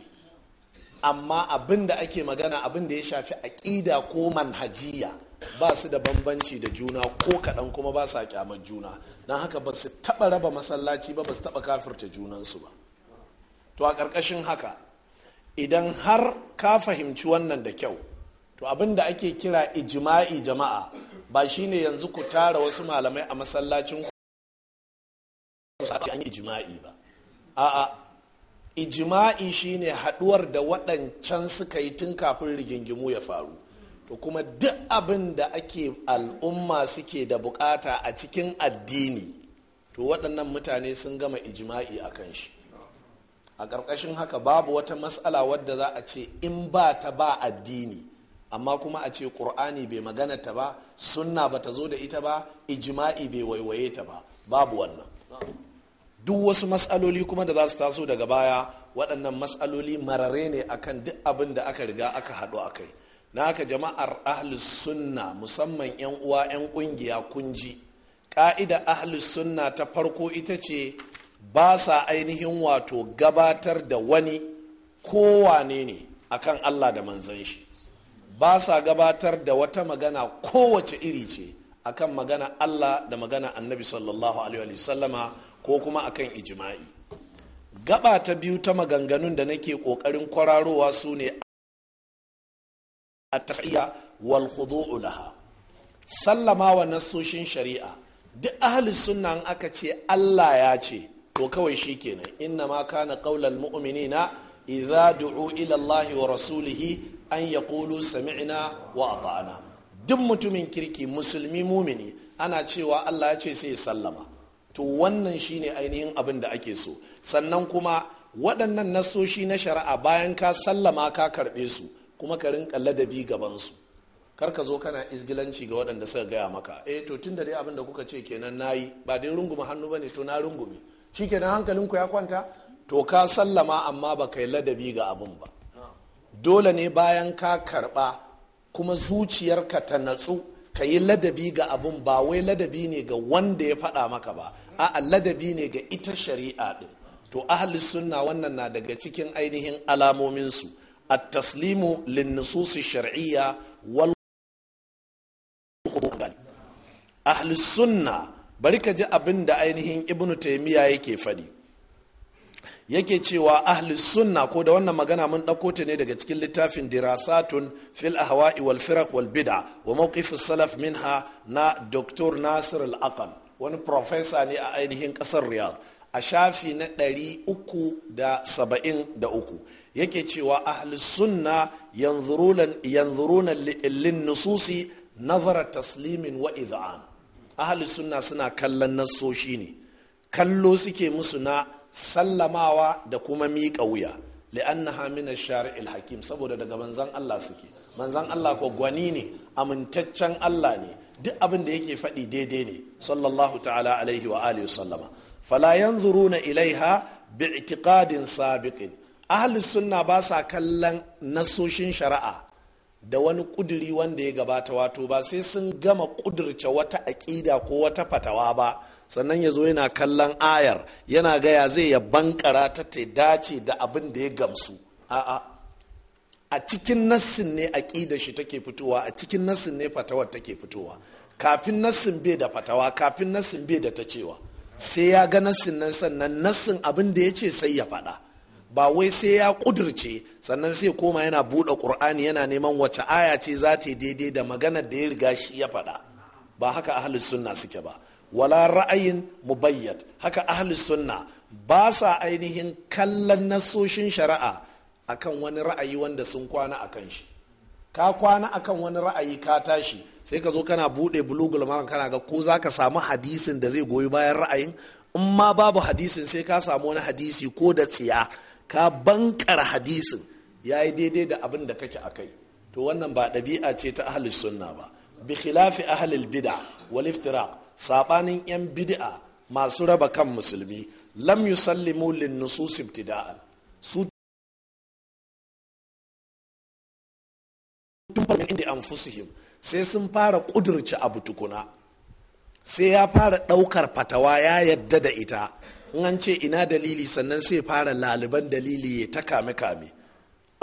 amma abin da ake magana abin da ya shafi aƙida ko manhajiya ba su da bambanci da juna ko kaɗan kuma ba sa kyamar juna Na haka ba su taɓa raba masallaci ba ba su taɓa kafirta junansu ba to a ƙarƙashin haka idan har ka fahimci wannan da kyau to abin da ake kira ijma'i jama'a ba shine yanzu ku tara wasu malamai a masallacin ku an ijima'i ba a'a ijima'i shine haɗuwar da waɗancan suka yi tun kafin rigingimu ya faru to kuma duk abin da ake al'umma suke da bukata a cikin addini to waɗannan mutane sun gama ijima'i a kan shi a ƙarƙashin haka babu wata matsala wadda za a ce in ba ta ba addini amma kuma a ce ƙur'ani bai magana ta ba sunna ba ta zo da ita ba ijima'i bai waiwaye ta ba babu wannan duk wasu matsaloli kuma da za su taso daga baya waɗannan matsaloli marare ne akan duk abin da aka riga aka haɗu a kai na haka jama'ar ahlus sunna musamman 'yan uwa 'yan kungiya kunji ka'ida ahlus sunna ta farko ita ce ba sa ainihin wato gabatar da wani kowane ne akan allah da manzan shi ba sa gabatar da wata magana kowace iri ce akan magana allah da magana annabi sallallahu alaihi wasallama ko kuma akan ijima'i gaba ta biyu ta maganganun da nake kokarin kwararowa su ne at-tas'iyya wal khudu'u laha sallama wa nassoshin shari'a duk ahli sunna an aka ce Allah ya ce to kawai shi shikenan inna ma kana qaulal mu'minina idza du'u ila Allah wa rasulihi an yaqulu sami'na wa ata'na duk mutumin kirki musulmi mumini ana cewa Allah ya ce sai sallama to wannan shine ainihin abin da ake so sannan kuma waɗannan nasoshi na shari'a bayan ka sallama ka karɓe su kuma ka rinka ladabi gabansu kar ka zo kana izgilanci ga waɗanda suka gaya maka eh to tun da dai abin da kuka ce kenan yi. ba dai rungume hannu bane to na rungume Shi hankalin ku ya kwanta to ka sallama amma ba kai ladabi ga abin ba dole ne bayan ka karɓa kuma zuciyarka ta natsu ka yi ladabi ga abun ba wai ladabi ne ga wanda ya faɗa maka ba a ladabi ne ga ita shari'a ɗin to ahli sunna wannan na daga cikin ainihin alamominsu التسليم للنصوص الشرعية والخطوة أهل السنة بركة جاء بند أينهن ابن تيمية يكي فدي yake cewa ahli sunna ko da wannan magana mun ɗauko ta ne daga cikin littafin dirasatun fil ahwa'i wal firaq wal bid'a wa mawqif salaf minha na dr nasir al aqal wani profesa ne a ainihin ƙasar riyadh a shafi na ɗari uku da saba'in da uku yake cewa ahlus sunna yanzuruna lin nususi nazara taslimin wa iz'an ahlus sunna suna kallon nassoshi ne kallo suke musu na sallamawa da kuma miƙa wuya li'annaha min ash-shari'il hakim saboda daga manzon Allah suke manzon Allah ko gwani ne amintaccen Allah ne duk abin da yake faɗi daidai ne sallallahu ta'ala alaihi wa alihi sallama fala yanzuruna ilaiha biitikadin sabiqin ahalus sunna ba sa kallon nasoshin shari'a da wani kuduri wanda ya gabata wato ba sai sun gama kudurce wata aƙida ko wata fatawa ba sannan ya zo yana kallon ayar yana gaya zai ya bankara ta ta dace da abin da ya gamsu a'a a cikin nassin ne aƙida shi take fitowa a cikin nassin ne fatawar take fitowa kafin nassin bai da fatawa kafin nassin bai da ta cewa sai ya ga nassin nan sannan nassin abin da ya ce sai ya faɗa ba wai sai ya kudirce sannan sai koma yana buɗe kur'ani yana neman wace aya ce za ta daidai da maganar da ya riga shi ya faɗa ba haka ahlus sunna suke ba wala ra'ayin mu mubayyad haka ahlus sunna ba sa ainihin kallon nasoshin shari'a akan wani ra'ayi wanda sun kwana akan shi ka kwana akan wani ra'ayi ka tashi sai ka zo kana buɗe bulugul maran kana ga ko za ka samu hadisin da zai goyi bayan ra'ayin in ma babu hadisin sai ka samu wani hadisi ko da tsiya ka bankar hadisin ya yi daidai da abin da kake a kai to wannan ba ɗabi'a ce ta ahlus sunna ba bi khilafi ahalil bid'a wal iftiraq sabanin yan bid'a masu raba kan musulmi lam yusallimu lin nusus ibtida'an su anfusihim sai sun fara kudurci abu tukuna sai ya fara ɗaukar fatawa ya yadda da ita in an ce ina dalili sannan sai fara laliban dalili ya ta kame kame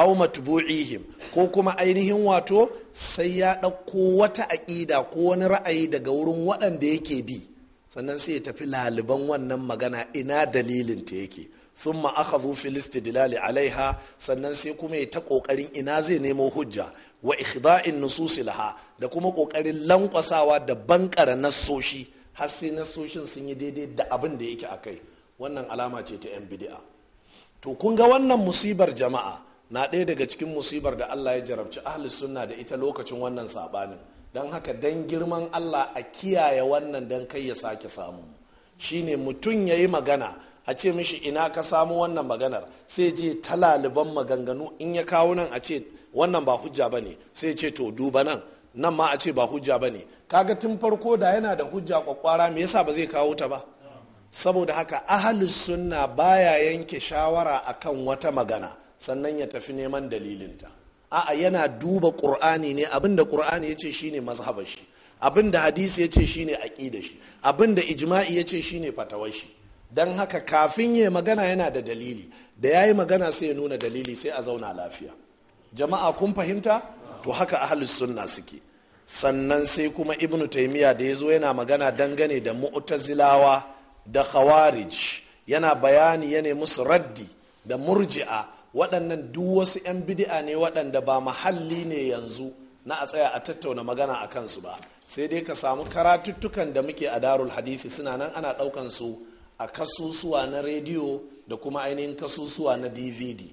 au matbu'ihim ko kuma ainihin wato sai ya ɗauko wata aƙida ko wani ra'ayi daga wurin waɗanda yake bi sannan sai ya tafi laliban wannan magana ina dalilin ta yake sun ma'akazu filistidilali alaiha sannan sai kuma ya ta ƙoƙarin ina zai nemo hujja wa ikhda'in nususi laha da kuma ƙoƙarin lankwasawa da bankara nassoshi har sai nassoshin sun yi daidai da abin da yake a kai wannan alama ce ta 'yan bidi'a to kun ga wannan musibar jama'a na ɗaya daga cikin musibar da allah ya jarabci ahli sunna da ita lokacin wannan saɓanin don haka don girman allah a kiyaye wannan don kai ya sake samu shine mutum ya yi magana a ce mishi ina ka samu wannan maganar sai je talaliban maganganu in ya kawo nan a ce wannan ba hujja ba ne sai ce to duba nan nan ma a ce ba hujja ba ne kaga tun farko da yana da hujja kwakwara me yasa ba zai kawo ta ba saboda haka ahalus sunna baya yanke shawara akan wata magana sannan ya tafi neman dalilinta a'a yana duba ƙur'ani ne abinda ƙur'ani yace shine mazhabar shi abinda hadisi yace shine aƙida shi abinda ijma'i yace shine fatawar shi don haka kafin ya magana yana da dalili da yayi magana sai ya nuna dalili sai a zauna lafiya jama'a kun fahimta to haka ahalus sunna suke sannan sai kuma ibnu taimiya da ya zo yana magana dangane da mu'tazilawa da khawarij yana bayani ya ne musu raddi da murji'a waɗannan duk wasu 'yan bidi'a ne waɗanda ba mahalli ne yanzu na a tsaya a tattauna magana a kansu ba sai dai ka samu karatuttukan da muke a darul hadithi suna nan ana ɗaukan su a kasusuwa na rediyo da kuma ainihin kasusuwa na dvd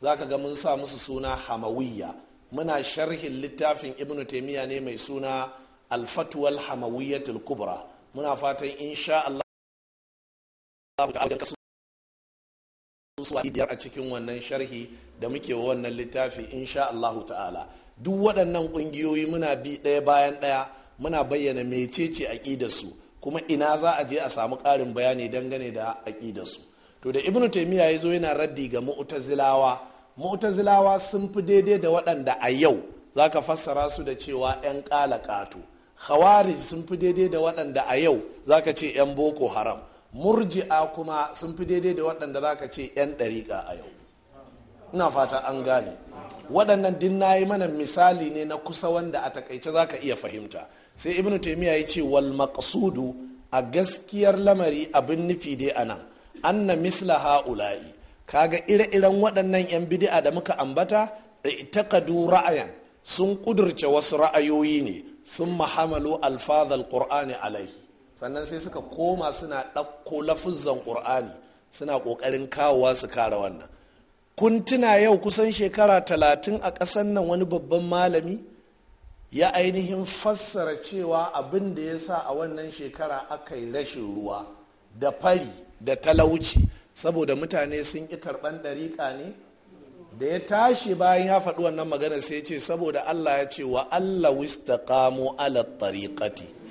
za ka ga mun sa musu suna hamawiyya muna sharhin littafin ibn taimiyya ne mai suna alfatuwal hamawiyyatul kubra muna fatan insha za wajen su biyar a cikin wannan sharhi da muke wannan littafi insha Allahu ta'ala duk waɗannan ƙungiyoyi muna bi ɗaya bayan ɗaya muna bayyana mecece su kuma ina za a je a samu ƙarin bayani dangane da su to da ibnu taimiyya ya zo yana raddi ga mu'tazilawa mu'tazilawa sun fi daidai da waɗanda a yau za ka fassara su da cewa 'yan ƙala ƙato khawarij sun fi daidai da waɗanda a yau za ka ce 'yan boko haram murji'a kuma sun fi daidai da waɗanda za ka ce 'yan ɗariƙa a yau ina fata an gane waɗannan din na yi mana misali ne na kusa wanda a takaice za ka iya fahimta sai ibnu taimiyya ya ce wal maqsudu a gaskiyar lamari abin nufi dai a nan an na misla ha'ula'i kaga ire-iren waɗannan 'yan bidi'a da muka ambata da itakadu ra'ayan sun kudurce wasu ra'ayoyi ne sun mahamalu alfazal qur'ani alai sannan sai suka koma suna ɗauko lafuzan ƙur'ani suna ƙoƙarin kawowa su kara wannan kun tuna yau kusan shekara talatin a ƙasan nan wani babban malami ya ainihin fassara cewa abin da ya sa a wannan shekara aka yi rashin ruwa da fari da talauci saboda mutane sun ƙi karɓan ɗariƙa ne da ya tashi bayan ya faɗi wannan magana sai ce saboda allah ya ce wa allah wista kamo ala tariƙati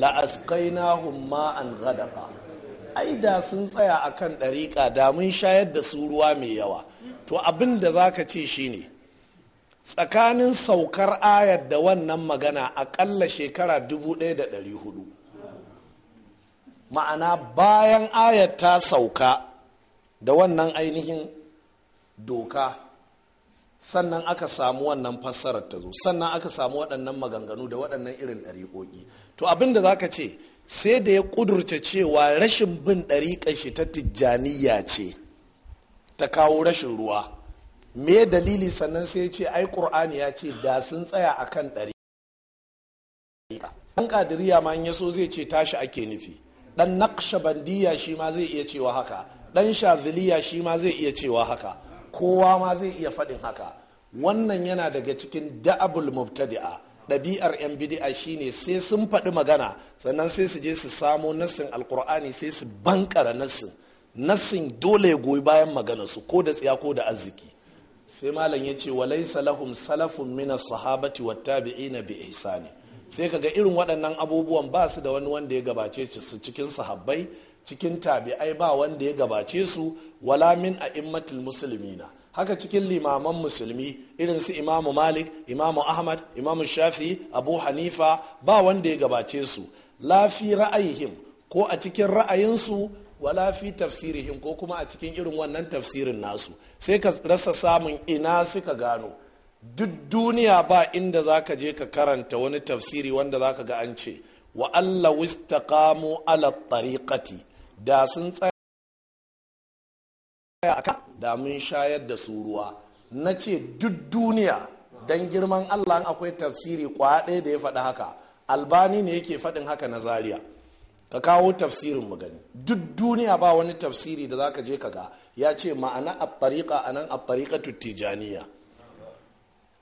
la'asqainahum ma'an ghadaqa ai da sun tsaya akan ɗariƙa da mun shayar da su ruwa mai yawa to abin da zaka ka ce shine tsakanin saukar ayar da wannan magana aƙalla shekara 1400 ma'ana bayan ayar ta sauka da wannan ainihin doka sannan aka samu wannan fassarar ta zo sannan aka samu waɗannan maganganu da waɗannan irin ɗariƙoƙi to abin da zaka ce sai da ya kudurce cewa rashin bin ɗariƙar shi ta tijjaniya ce ta kawo rashin ruwa me dalili sannan sai ce ai ƙur'ani ya ce da sun tsaya akan ɗari ɗan ƙadiriya ma in yaso zai ce tashi ake nufi ɗan naqshabandiya shi ma zai iya cewa haka ɗan shaziliya shi ma zai iya cewa haka kowa ma zai iya faɗin haka wannan yana daga cikin da'abul mubtadi'a ɗabi'ar 'yan bidi'a shine sai sun faɗi magana sannan sai su je su samo nassin alkur'ani sai su bankara nassin nassin dole ya goyi bayan magana su ko da tsiya ko da arziki sai malam ya ce walai salahun salafun mina sahabati wa tabi'ina bi ihsani sai kaga irin waɗannan abubuwan ba su da wani wanda ya gabace su cikin sahabbai cikin tabi'ai ba wanda ya gabace su wala min a'immatul muslimina haka cikin limaman musulmi irin su imamu malik imamu ahmad imamu shafi abu hanifa ba wanda ya gabace su lafi ra'ayihim ko a cikin ra'ayinsu wa tafsiri tafsirihim ko kuma a cikin irin wannan tafsirin nasu sai ka rasa samun ina suka gano duk duniya ba inda za ka je ka karanta wani tafsiri wanda za ka ga an ce wa Allah wistaqamu ala tariqati da sun tsaya da mun shayar da su ruwa na ce duk duniya don girman allah akwai tafsiri kwaɗe ɗaya da ya faɗi haka albani ne yake faɗin haka na zaria ka kawo tafsirin mu gani duk duniya ba wani tafsiri da zaka je ka ga ya ce ma'ana a a nan a tariƙa tijaniya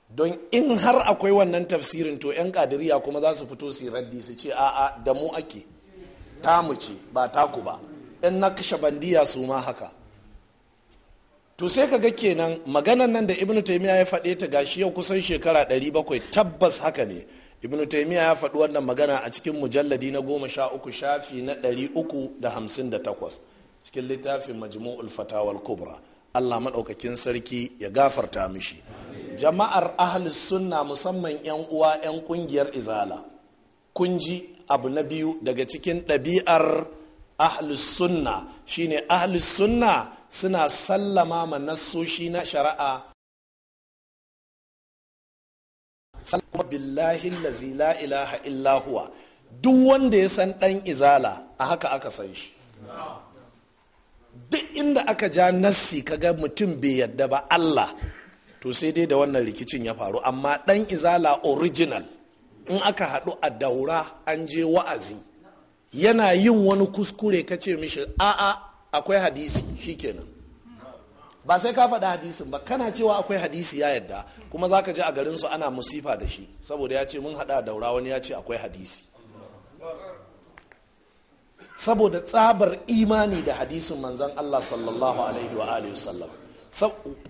don in har akwai wannan tafsirin to yan kadiriya kuma za su fito su raddi su ce a'a da mu ake tamu ce ba taku ba yan bandiya su ma haka to sai ka ga kenan maganan nan da ibnu taimiya ya faɗe ta gashi yau kusan shekara 700 tabbas haka ne ibnu taimiya ya faɗi wannan magana a cikin mujalladi na goma sha uku shafi na ɗari uku da hamsin da takwas cikin littafin majmu'ul fatawal kubra allah maɗaukakin sarki ya gafarta mishi jama'ar ahli sunna musamman 'yan uwa 'yan ƙungiyar izala kunji abu na biyu daga cikin ɗabi'ar ahli sunna shine ahli sunna suna sallama ma nasoshi na shari'a sallama billahi lazi la ilaha illahuwa duk wanda ya san dan izala a haka aka san shi duk inda aka ja nassi kaga mutum bai yadda ba Allah to sai dai da wannan rikicin ya faru amma dan izala original in aka hadu a daura an je wa'azi yana yin wani kuskure ka ce mishi a'a akwai hadisi shikenan ba sai ka faɗi hadisin ba kana cewa akwai hadisi ya yadda kuma za ka je a garinsu ana musifa da shi saboda ya ce mun haɗa daura wani ya ce akwai hadisi saboda tsabar imani da hadisin manzan Allah sallallahu alaihi wa sallam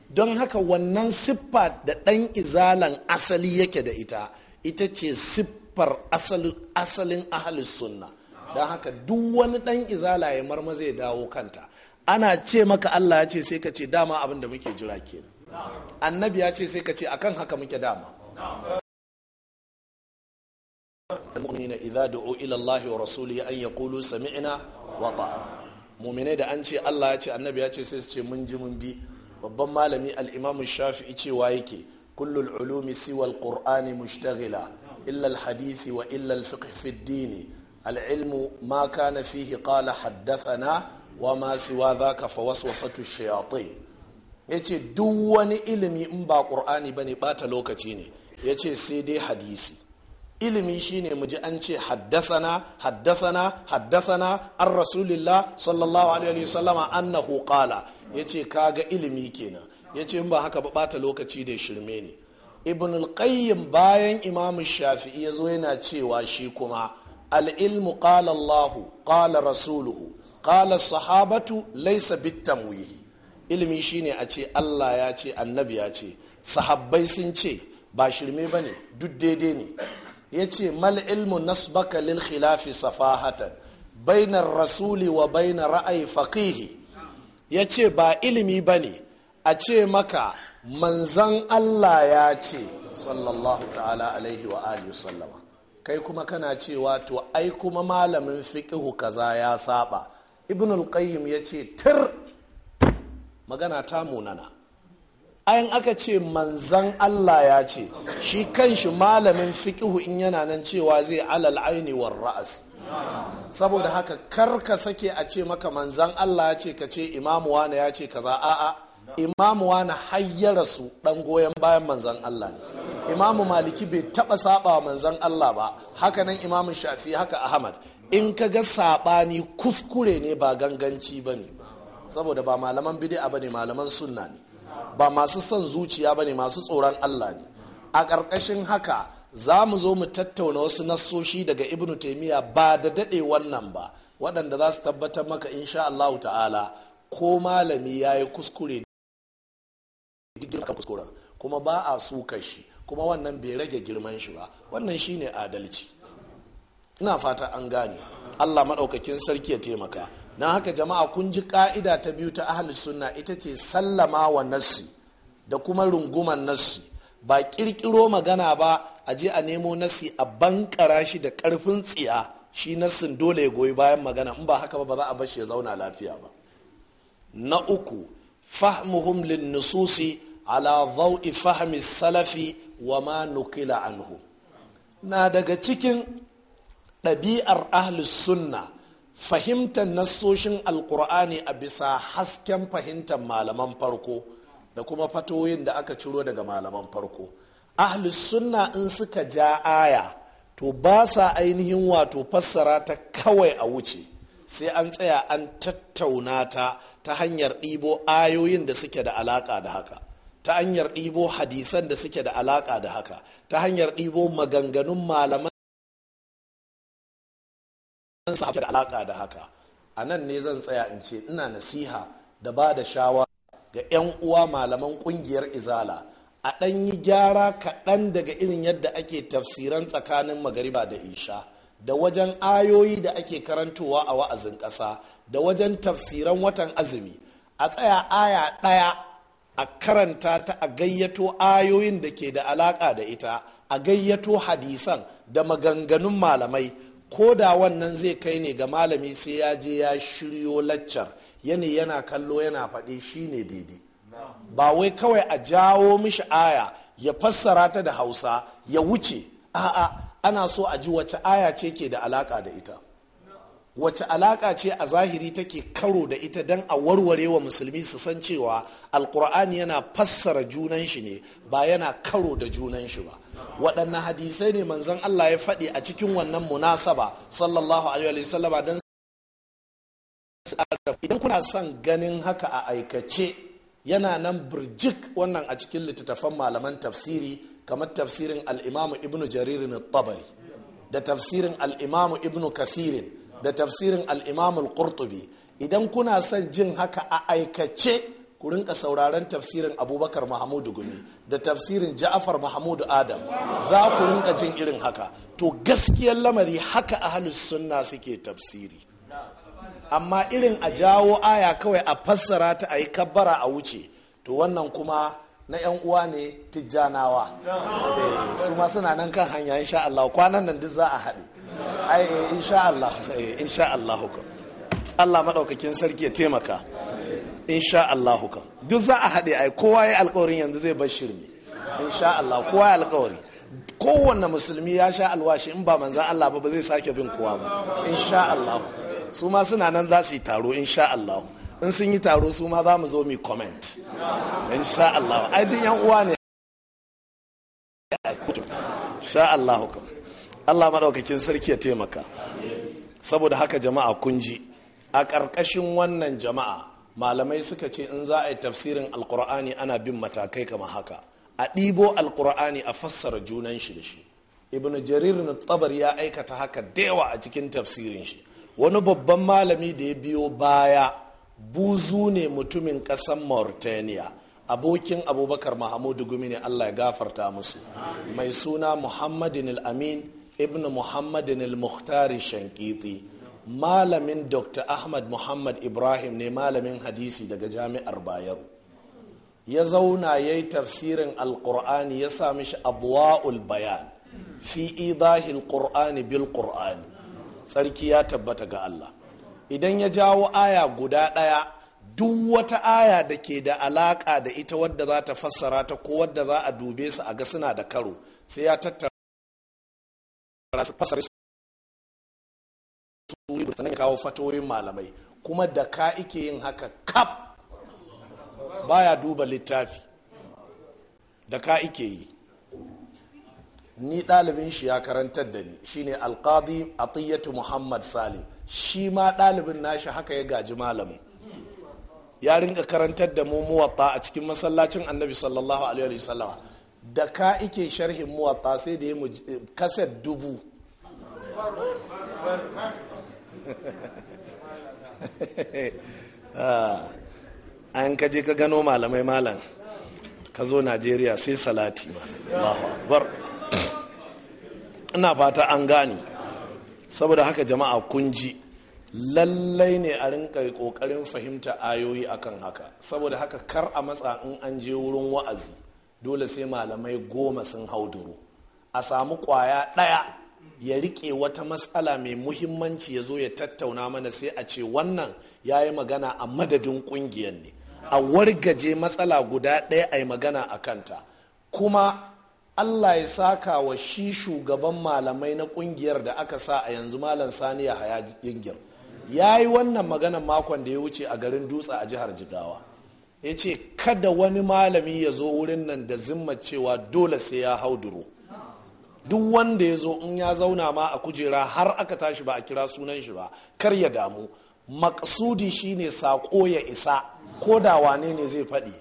don haka wannan siffa da ɗan izalan asali yake da ita ita ce siffar asalin ahalus sunna don haka duk wani ɗan izala ya marma zai dawo kanta ana ce maka allah ya ce sai ka ce dama abin da muke jira kenan annabi ya ce sai ka ce akan haka muke dama المؤمنين إذا دعوا إلى الله ورسوله أن يقولوا سمعنا وطعنا مؤمنين da an ce Allah ya ce annabi ya ce sai su ce mun ji mun bi babban malami al-Imam Shafi'i cewa yake kullul ulumi siwa al-Qur'ani mushtaghila illa al-hadith wa illa al-fiqh fi ad-din العلم ما كان فيه قال حدثنا وما سوى ذاك فوسوسة الشياطين yace duk wani ilimi in ba ƙur'ani ba ne lokaci ne yace sai dai hadisi ilimi shine mu ji an ce haddasana haddasana haddasana an rasulillah sallallahu alaihi wasallama annahu qala yace kaga ilimi kenan yace in ba haka ba bata lokaci da shirme ne ibnul qayyim bayan Imam shafi'i ya zo yana cewa shi kuma al'ilmu qala Allahu ƙala rasuluhu qala sahabatu laisa bitamwihi ilimi shine a ce Allah ya ce annabi ya ce sahabbai sun ce ba shirme ba ne duk daidai ne ya ce mal ilmu nasbaka lil khilafi safahatan bainar rasuli wa baina ra'ayi fakihi ya ce ba ilimi ba ne a ce maka manzan Allah ya ce sallallahu ta'ala alaihi wa sallama kai kuma kana cewa to ai kuma malamin fiqihu kaza ya saba ibn al-qayyim ya ce tir magana ta munana Ayin aka ce manzan Allah ya ce shi kanshi malamin fiqihu in yana nan cewa zai alal aini war ra'as saboda haka kar ka sake a ce maka manzan Allah ya ce ka ce imamu wani ya ce kaza a'a imamu wani hayyara su dan goyon bayan manzan Allah ne imamu maliki bai taba saba manzan Allah ba haka nan imamu shafi haka ahmad in ka ga sabani kuskure ne ba ganganci ba ne saboda ba malaman bid'a ba ne malaman sunna ne ba masu son zuciya ba ne masu tsoron Allah ne a ƙarƙashin haka za mu zo mu tattauna wasu nassoshi daga ibnu taimiyya ba da daɗe wannan ba waɗanda za su tabbatar maka insha Allah ta'ala ko malami ya yi kuskure kuma ba a suka shi kuma wannan bai rage girman shi ba wannan shine adalci ina fata an gane allah maɗaukakin sarki ya taimaka na haka jama'a kun ji ka'ida ta biyu ta ahli sunna ita ce sallama wa nassi da kuma runguman nassi ba ƙirƙiro magana ba a je a nemo nassi a bankara shi da ƙarfin tsiya shi nassin dole ya goyi bayan magana in ba haka ba ba za a bar ya zauna lafiya ba na uku fahimuhum lin nususi ala zau'i fahmi salafi wa ma nukila anhu na daga cikin ɗabi'ar ahlus sunna fahimtar nassoshin alkur'ani a bisa hasken fahimtar malaman farko da kuma fatoyin da aka ciro daga malaman farko ahlus sunna in suka ja aya to ba sa ainihin wato fassara ta kawai a wuce sai an tsaya an tattauna ta ta hanyar ɗibo ayoyin da suke da alaƙa da haka ta hanyar ɗibo hadisan da suke da alaƙa da haka ta hanyar ɗibo maganganun malaman suke da alaƙa da haka a nan ne zan tsaya in ce ina nasiha da ba da shawara ga 'yan uwa malaman ƙungiyar izala a ɗan yi gyara kaɗan daga irin yadda ake tafsiran tsakanin magariba da isha da wajen ayoyi da ake karantowa a wa'azin ƙasa da wajen tafsiran watan azumi a tsaya aya ɗaya a karanta ta a gayyato ayoyin da ke da alaƙa da ita a gayyato hadisan da maganganun malamai ko da wannan zai kai ne ga malami sai ya je ya shiryo laccar yani yana kallo yana faɗi shi ne daidai ba wai kawai a jawo mishi aya ya fassara ta da hausa ya wuce a'a ana so a ji wace aya ce ke da alaƙa da ita wace alaka ce a zahiri take karo da ita don a warware wa musulmi su san cewa alkur'ani yana fassara junan shi ne ba yana karo da junan shi ba waɗanne hadisai ne manzon Allah ya faɗi a cikin wannan munasaba sallallahu alaihi wasallama don idan kuna son ganin haka a aikace yana nan birjik wannan a cikin littattafan malaman tafsiri kamar tafsirin al'imamu ibnu jaririn tabari da tafsirin al'imamu ibnu kasirin da tafsirin al'imamul imam idan kuna son jin haka a aikace ku rinka sauraron tafsirin abubakar mahamudu gumi da tafsirin ja'afar mahamudu adam za ku rinka jin irin haka to gaskiyar lamari haka a halis sunna suke tafsiri amma irin a jawo aya kawai a fassara ta a yi kabbara a wuce to wannan kuma na 'yan uwa ne tijjanawa eh, su ma suna nan kan hanya insha Allah kwanan nan duk za a haɗe ai eh, insha Allah eh, insha Allah hukam Allah maɗaukakin sarki ya taimaka insha Allah hukam duk za a haɗe ai kowa ya alƙawarin yanzu zai bar shirme insha Allah kowa ya alƙawari kowanne musulmi ya sha alwashi in ba manzan Allah ba ba zai sake bin kowa ba insha Allah su ma suna nan za su yi taro insha Allah in sun yi taro su ma za mu zo mu comment sha Allah ai duk yan uwa ne sha Allah kam Allah madaukakin sarki ya taimaka saboda haka jama'a kun ji a ƙarƙashin wannan jama'a malamai suka ce in za a yi tafsirin alkur'ani ana bin matakai kamar haka a ɗibo alqur'ani a fassara junan shi da shi ibn jarir na tsabar ya aikata haka da a cikin tafsirin shi wani babban malami da ya biyo baya buzu ne mutumin ƙasar mauritania abokin abubakar mahamudu gumi ne allah ya gafarta musu mai suna muhammadin al-amin ibn muhammadin al mukhtari shankiti malamin dr ahmad muhammad ibrahim ne malamin hadisi daga jami'ar bayero ya zauna ya yi tafsirin alkur'ani ya sa mishi abuwa'ul bayan fi idahil qur'ani bil qur'ani sarki ya tabbata ga allah idan ya jawo aya guda ɗaya duk wata aya da ke da alaƙa da ita wadda za ta fassara ta ko wadda za a dube su a ga suna da karo sai ya tattara kawo malamai kuma da ka ike yin haka kaf baya duba littafi da ka ike yi ni ɗalibin shi ya karantar da ni shine alƙadi atiyatu muhammad salim shi ma ɗalibin nashi haka ya gaji malamin ya rinka karantar da mu muwatta a cikin masallacin annabi sallallahu alaihi wasallama da ka ike sharhin muwatta sai da ya kaset dubu ah, an ka je ka gano malamai malam ka zo najeriya sai salati ma ina fata an gane saboda haka jama'a kunji lallai ne a rinka kokarin fahimta ayoyi akan haka saboda haka kar a matsa in an je wurin wa'azi dole sai malamai goma sun hauduru a samu kwaya ɗaya ya rike wata matsala mai muhimmanci ya zo ya tattauna mana sai a ce wannan ya yi magana a madadin ƙungiyar ne a wargaje matsala guda ɗaya a yi magana a kanta kuma allah ya saka wa shi shugaban malamai na kungiyar da aka sa a yanzu malam saniya haya gingir ya yi wannan maganan makon da ya wuce a garin dutse a jihar jigawa ya ce kada wani malami ya zo wurin nan da zimma cewa dole sai ya hauduro duk wanda ya zo in ya zauna ma a kujera har aka tashi ba a kira sunan shi ba kar ya damu maksudi ne sako ya isa ko da wane ne zai faɗi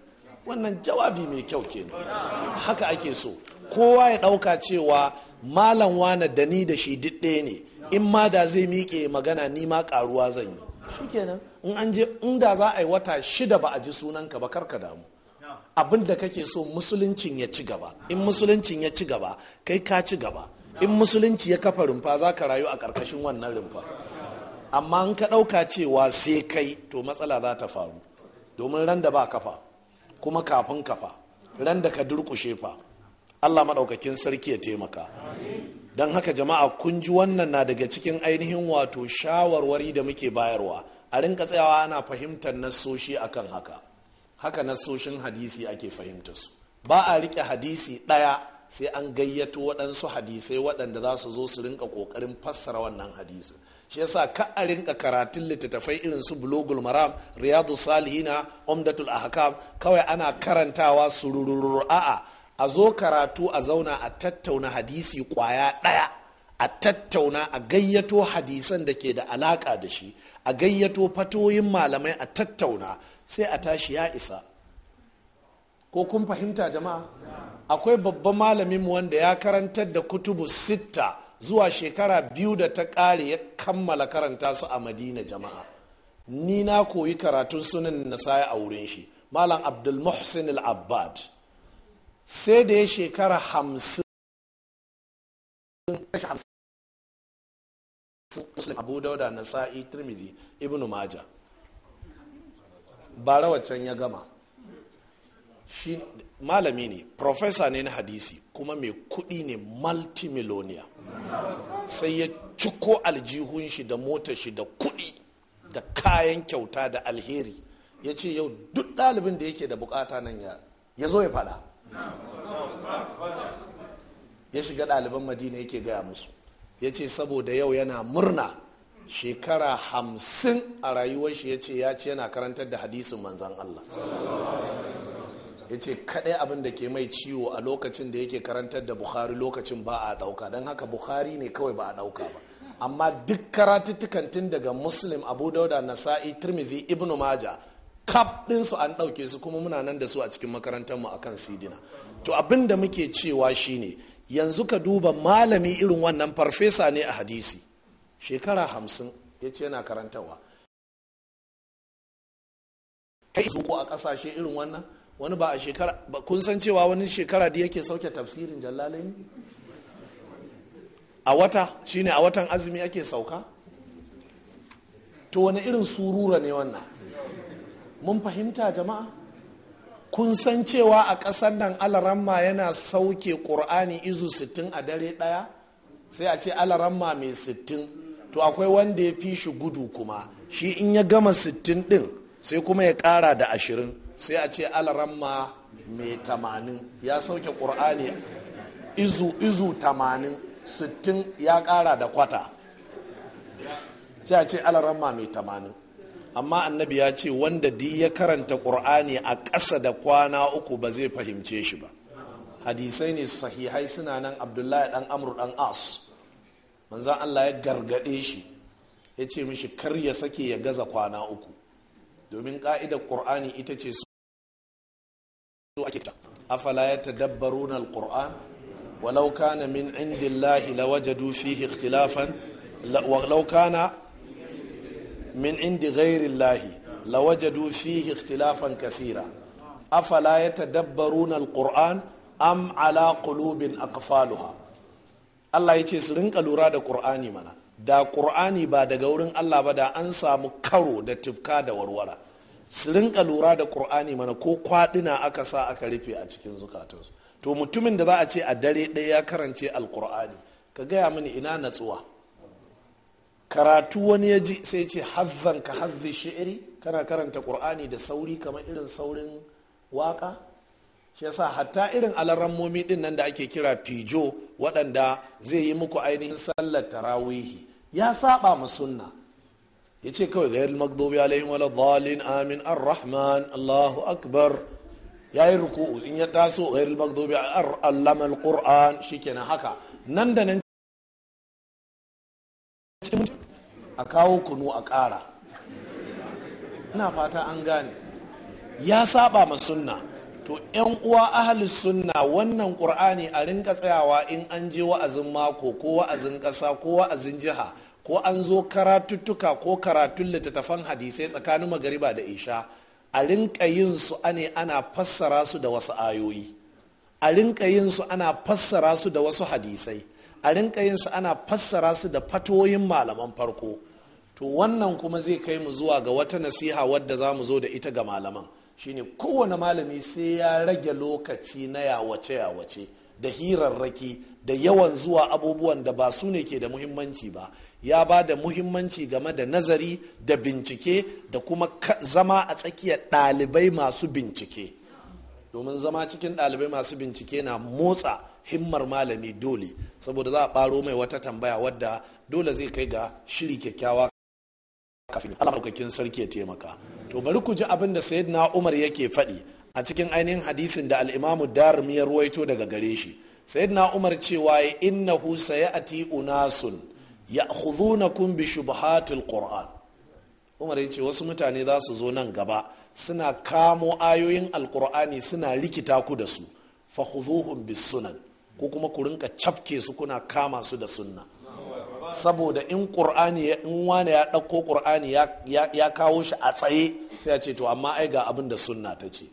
wannan jawabi mai kyau kenan haka ake so kowa ya ɗauka cewa malam wane da ni da shi ɗaya ne in ma da zai miƙe magana ni ma ƙaruwa zan yi shikenan in an je in da za a yi wata shida ba a ji sunan ka ba kar ka damu abin da kake so musuluncin ya ci gaba in musuluncin ya ci gaba kai ka ci gaba in musulunci ya kafa rumfa za ka rayu a ƙarƙashin wannan rumfa amma in ka ɗauka cewa sai kai to matsala za ta faru domin ran da ba kafa kuma kafin kafa ran da ka durƙushe fa allah maɗaukakin sarki ya taimaka don haka jama'a kun ji wannan na daga cikin ainihin wato shawarwari da muke bayarwa a rinka tsayawa ana fahimtar nassoshi akan haka haka nassoshin hadisi ake fahimta su ba a riƙe hadisi ɗaya sai an gayyato waɗansu hadisai waɗanda za su zo su rinka ƙoƙarin fassara wannan hadisi shi yasa ka a rinka karatun littattafai irin su bulogul maram riyadu salihina umdatul ahkam kawai ana karantawa surururu a'a a zo karatu a zauna a tattauna hadisi kwaya ɗaya a tattauna a gayyato hadisan da ke da alaƙa da shi a gayyato fatoyin malamai a tattauna sai a tashi ya isa ko kun fahimta jama'a akwai babban malaminmu wanda ya karantar da kutubu sitta zuwa shekara biyu da ta ƙare ya kammala karanta su a madina jama'a ni na koyi karatun sunan nasaya a wurin shi malam abdul muhsin al-abbad sai da ya shekara hamsin muslim abu dauda nasa'i tirmidhi ibn maja bara waccan ya gama shi malami ne profesa ne na hadisi kuma mai kudi ne multimillionaire sai ya ciko aljihun shi da mota shi da kudi da kayan kyauta da alheri ya ce yau duk ɗalibin da yake da bukata nan ya zo ya fada ya shiga ɗaliban madina yake gaya musu ya ce saboda yau yana murna shekara hamsin a rayuwar shi ya ce ya ce yana karantar da hadisin manzan Allah ya ce kaɗai abin da ke mai ciwo a lokacin da yake karantar da bukhari lokacin ba a ɗauka don haka bukhari ne kawai ba a ɗauka ba amma duk karatuttukan tun daga muslim abu dauda nasa'i turmizi ibnu maja kaf su an ɗauke su kuma muna nan da su a cikin makarantarmu akan sidina to abin da muke cewa shine yanzu ka duba malami irin wannan farfesa ne a hadisi shekara hamsin ya ce yana karantarwa kai ko a ƙasashe irin wannan wani ba a shekara ba kun san cewa wani shekara da yake sauke tafsirin jallalai a wata shine a watan azumi ake sauka to wani irin surura ne wannan mun fahimta jama'a kun san cewa a ƙasar nan alaramma yana sauke ƙur'ani izu 60 a dare ɗaya sai a ce alaramma mai 60 to akwai wanda ya fi shi gudu kuma shi in ya gama 60 ɗin sai kuma ya ƙara da 20 sai a ce alaramma mai 80 ya sauke ƙur'ani izu izu 80 60 ya ƙara da kwata sai a ce alaramma mai 80 amma annabi ya ce wanda di ya karanta ƙur'ani a ƙasa da kwana uku ba zai fahimce shi ba hadisai ne sahihai suna nan abdullahi dan amru dan as manzan allah ya gargaɗe shi ya ce mishi kar ya sake ya gaza kwana uku domin ƙa'idar ƙur'ani ita ce su ake ta afala ya tadabbaruna alquran walau kana min indillahi lawajadu fihi ikhtilafan walau kana min indi ghairillahi lawajadu fihi ikhtilafan kathira afala yatadabbaruna alquran am ala qulubin aqfaluha Allah yace su rinka lura da kur'ani mana da kur'ani ba daga wurin Allah ba da an samu karo da tifka da warwara su rinka lura da kur'ani mana ko kwadina aka sa aka rufe a cikin zukatansu to mutumin da za a ce a dare ɗaya ya karance alkur'ani ka gaya mini ina natsuwa karatu wani ya ji sai ce hazzan ka hazzi shi'iri kana karanta qur'ani da sauri kamar irin saurin waka shi yasa hatta irin alarammomi din nan da ake kira pijo waɗanda zai yi muku ainihin sallar tarawihi ya saba mu sunna ya ce kawai ga yadda magdobi alayhim wala dhalin amin ar-rahman allahu akbar ya yi ruku'u in ya taso ga yadda magdobi allama al-qur'an shi haka nan da nan kawo kunu a ƙara ina fata an gane ya saba ma sunna to yan uwa ahalus sunna wannan ƙur'ani a rinka tsayawa in an je wa'azin mako ko wa'azin ƙasa ko wa'azin jiha ko an zo karatuttuka ko karatun littattafan hadisai tsakanin magariba da isha a rinka yin su ane ana fassara su da wasu ayoyi a rinka yin su ana fassara su da wasu hadisai a rinka yin su ana fassara su da fatoyin malaman farko to wannan kuma zai kai mu zuwa ga wata nasiha wadda za mu zo da ita ga malaman shine kowane malami sai ya rage lokaci na yawace yawace da hirarraki da yawan zuwa abubuwan da ba su ne ke da muhimmanci ba ya ba da muhimmanci game da nazari da bincike da kuma zama a tsakiyar ɗalibai masu bincike domin zama cikin ɗalibai masu bincike na motsa himmar malami dole saboda za a ɓaro mai wata tambaya wadda dole zai kai ga shiri kyakkyawa kafin Allah maɗaukakin sarki ya taimaka to bari ku ji abin da sayyidina Umar yake faɗi a cikin ainihin hadisin da al'imamu imam ya ruwaito daga gare shi sayyidina Umar cewa innahu ya unasun ya'khudhunakum bi shubuhatil Qur'an Umar ya ce wasu mutane za su zo nan gaba suna kamo ayoyin alkur'ani suna rikita ku da su fahuzuhun bis sunan ko kuma ku rinka cafke su kuna kama su da sunna saboda in ƙur'ani in wani ya ɗauko ƙur'ani ya kawo shi a tsaye sai ya ce to amma ai ga abin da sunna ta ce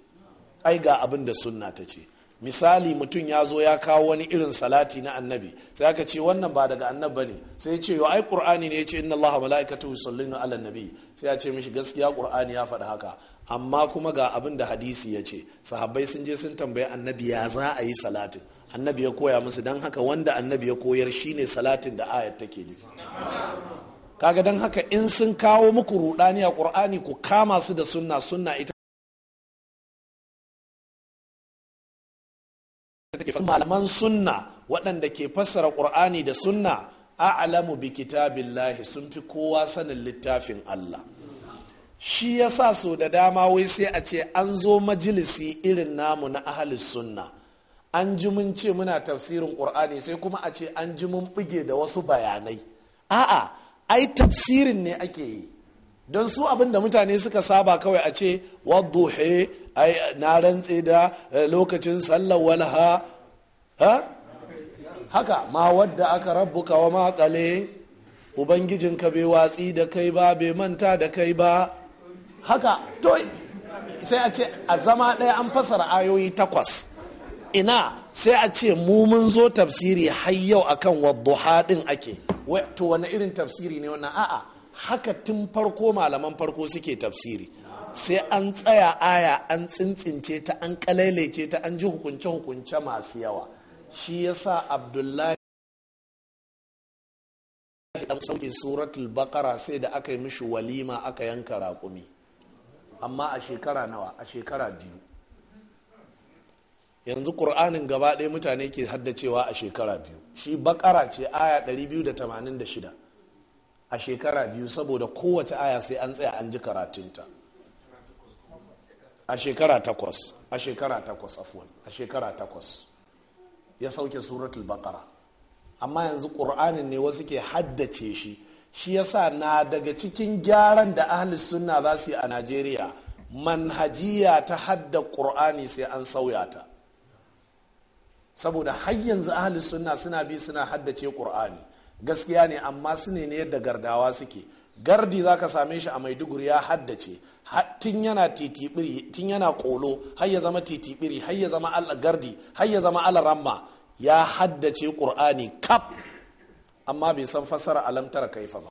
ai ga abin da sunna ta ce misali mutum ya zo ya kawo wani irin salati na annabi sai aka ce wannan ba daga annabi ne sai ya ce yo ai qur'ani ne ya ce inna allaha malaikatahu yusalluna ala nabi sai ya ce mishi gaskiya ƙur'ani ya faɗi haka amma kuma ga abin da hadisi ya ce sahabbai sun je sun tambayi annabi ya za a yi salatin annabi ya koya musu don haka wanda annabi ya koyar shine salatin da ayat take nufi kaga don haka in sun kawo muku rudani a kur'ani ku kama su da sunna sunna ita malaman sunna waɗanda ke fassara ƙur'ani da sunna a'lamu bi kitabillahi sun fi kowa sanin littafin Allah shi ya sa so da dama wai sai a ce an zo majalisi irin namu na ahalis sunna an ji mun ce muna tafsirin ƙur'ani sai kuma a ce an ji mun bige da wasu bayanai a'a ai tafsirin ne ake yi don su abin da mutane suka saba kawai a ce wadduhe ai na rantse da eh, lokacin sallar walha ha haka ma wadda aka rabbuka wa makale ubangijinka bai watsi da kai ba bai manta da kai ba haka to sai a ce a zama ɗaya an fasara ayoyi takwas ina sai a ce mu mun zo tafsiri har yau akan wadduha din ake to wani irin tafsiri ne wannan a'a haka tun farko malaman farko suke tafsiri sai an tsaya aya an tsintsince ta an kalailace ta an ji hukunce-hukunce masu yawa shi yasa abdullahi dan sauke suratul bakara sai da aka yi mishi walima aka yanka raƙumi amma a shekara nawa a shekara biyu yanzu ƙur'anin gaba ɗaya mutane ke haddacewa a shekara biyu shi bakara ce aya 286 a shekara biyu saboda kowace aya sai an tsaya an ji karatunta a shekara takwas a shekara takwas afuwan a shekara takwas ya sauke suratul bakara amma yanzu ƙur'anin ne wasu ke haddace shi shi yasa na daga cikin gyaran da ahli sunna za su yi a najeriya manhajiya ta hadda ƙur'ani sai an sauya ta saboda har yanzu ahli sunna suna bi suna haddace ƙur'ani gaskiya ne amma su ne ne yadda gardawa suke gardi za ka same shi a maiduguri ya haddace tun yana titibiri tun yana kolo har ya zama titibiri har ya zama gardi har ya zama ramma, ya haddace ƙur'ani kaf amma bai san fassara alamtara kaifa ba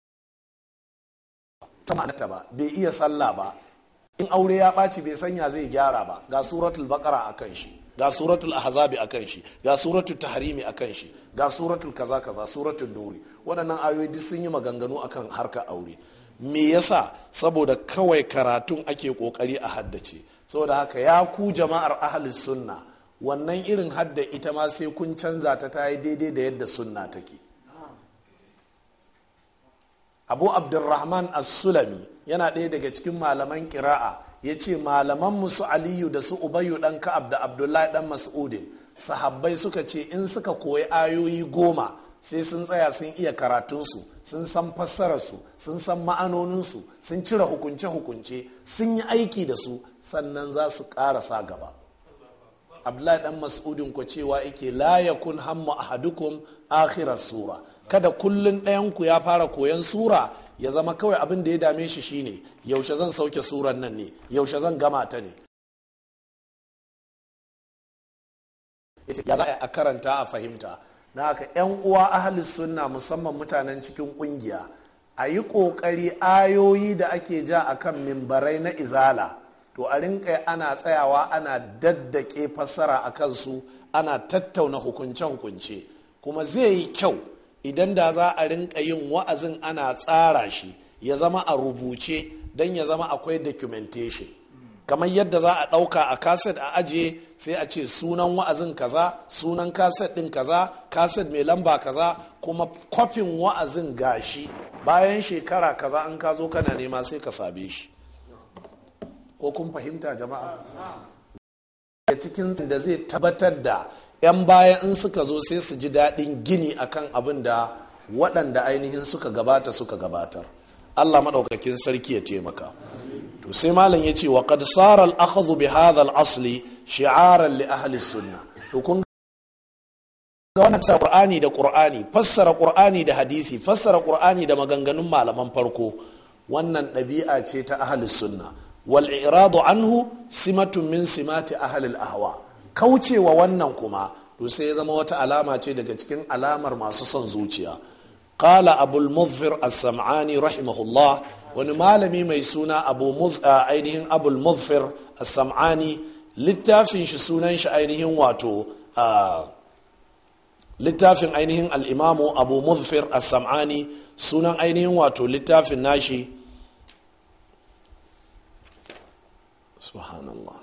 ta ba bai iya sallah ba in aure ya ɓaci bai sanya zai gyara ba ga suratul baqara akan shi ga suratul ahzabi akan shi ga suratul tahrimi akan shi ga suratul kaza kaza suratul duri waɗannan ayoyi duk sun yi maganganu akan harka aure me yasa saboda kawai karatun ake kokari a haddace saboda haka ya ku jama'ar ahlus sunna wannan irin hadda ita ma sai kun canza ta ta yi daidai da yadda sunna take abu abdurrahman as-sulami yana ɗaya daga cikin malaman Kira'a, ya ce malaman musu aliyu da su ubayu ɗan ka'ab da abdullahi ɗan mas'udin sahabbai suka ce in suka koyi ayoyi goma sai sun tsaya sun iya karatunsu sun san fassararsu sun san ma'anoninsu sun cire hukunce-hukunce sun yi aiki da su sannan za su sa gaba abdullahi ɗan mas'udin ku cewa yake la yakun hammu ahadukum akhirar sura kada kullun ɗayanku ya fara koyan sura ya zama kawai abin da ya dame shi shine yaushe zan sauke suran nan ne yaushe zan gama ta ne ya za a karanta a fahimta na haka 'yan uwa ahalis sunna musamman mutanen cikin ƙungiya, a yi ƙoƙari ayoyi da ake ja a kan mimbarai na izala to a rinka ana tsayawa ana daddake fassara a kansu ana tattauna hukunce-hukunce kuma zai yi kyau idan da za a rinka yin wa'azin ana tsara shi ya zama a rubuce don ya zama akwai documentation kamar yadda za a ɗauka a kaset a ajiye sai a ce sunan wa'azin kaza sunan kaset ɗin kaza kaset mai lamba kaza kuma kwafin wa'azin gashi bayan shekara kaza an ka zo kana nema sai ka same shi ko kun fahimta jama'a cikin da zai tabbatar da 'yan baya in suka zo sai su ji daɗin gini akan abin da waɗanda ainihin suka gabata suka gabatar allah maɗaukakin sarki ya taimaka to sai malam ya ce wa qad sara al bi hadha asli shi'aran li ahli sunna to kun ga wannan qur'ani da qur'ani fassara qur'ani da hadisi fassara qur'ani da maganganun malaman farko wannan ɗabi'a ce ta ahli sunna wal i'radu anhu simatun min simati ahli al ahwa kaucewa wannan kuma to sai ya zama wata alama ce daga cikin alamar masu son zuciya qala abul muzzir as-sam'ani rahimahullah wani malami mai suna abu ainihin abul muzzir as-sam'ani littafin shi sunan shi ainihin wato littafin ainihin al'imamu abu muzfir as-sam'ani sunan ainihin wato littafin nashi subhanallah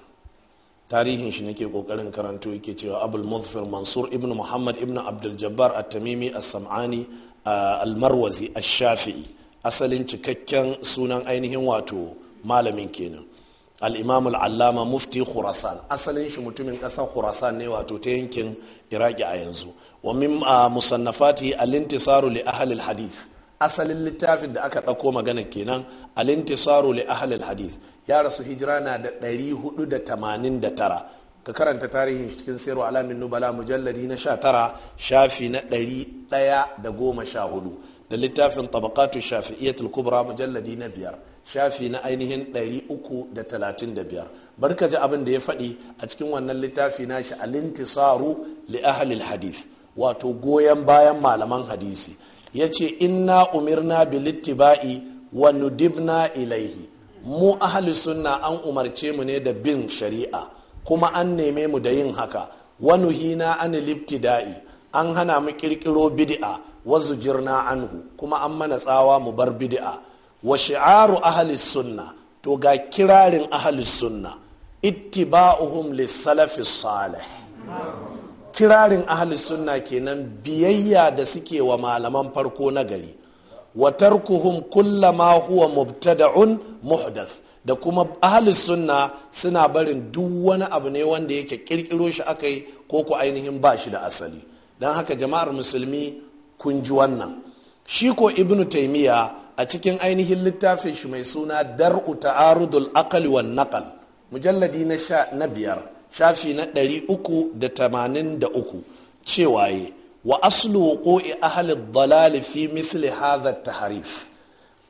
tarihin shi nake kokarin karanto yake cewa abul muzfir mansur ibn muhammad ibn abdul jabbar at-tamimi as-sam'ani uh, al-marwazi ash-shafi'i asalin cikakken sunan ainihin wato malamin kenan al-imam al-allama mufti khurasan asalin shi mutumin kasar khurasan ne wato ta yankin iraki a yanzu wa min uh, musannafati al-intisaru li ahli al-hadith asalin littafin da aka ɗauko magana kenan alintisaru li ahlil hadith ya rasu hijira na da 489 ka karanta tarihin cikin sayarwa alamin nubala mujalladi na 19 shafi na 114 da littafin tabakatu iya kubra mujalladi na biyar shafi na ainihin 335 barka ji abin da ya faɗi a cikin wannan littafi nashi alintisaru li ahlil hadith wato goyon bayan malaman hadisi ya ce inna umirna bilittiba'i wa nudibna ilaihi mu ahli sunna an umarce mu ne da bin shari'a kuma an neme mu da yin haka wa nuhina an libtida'i an hana mu kirkiro bid'a wa zujirna anhu kuma an mana tsawa mu bar bid'a wa shi'aru ahli sunna to ga kirarin ahli sunna ittiba'uhum lis salafis salih kirarin ahlus sunna kenan biyayya da suke wa malaman farko na gari wa tarkuhum ma huwa mubtada'un muhdath da kuma ahlus sunna suna barin duk wani abu ne wanda yake kirkiro shi akai ko ku ainihin ba shi da asali don haka jama'ar musulmi kun ji wannan shi ko ibnu taimiya a cikin ainihin littafin shi mai suna dar'u ta'arudul aqli wan naqal mujalladi na sha na biyar shafi na 383 cewa ye wa aslu wuqu'i ahli dalali fi misli hadha tahrif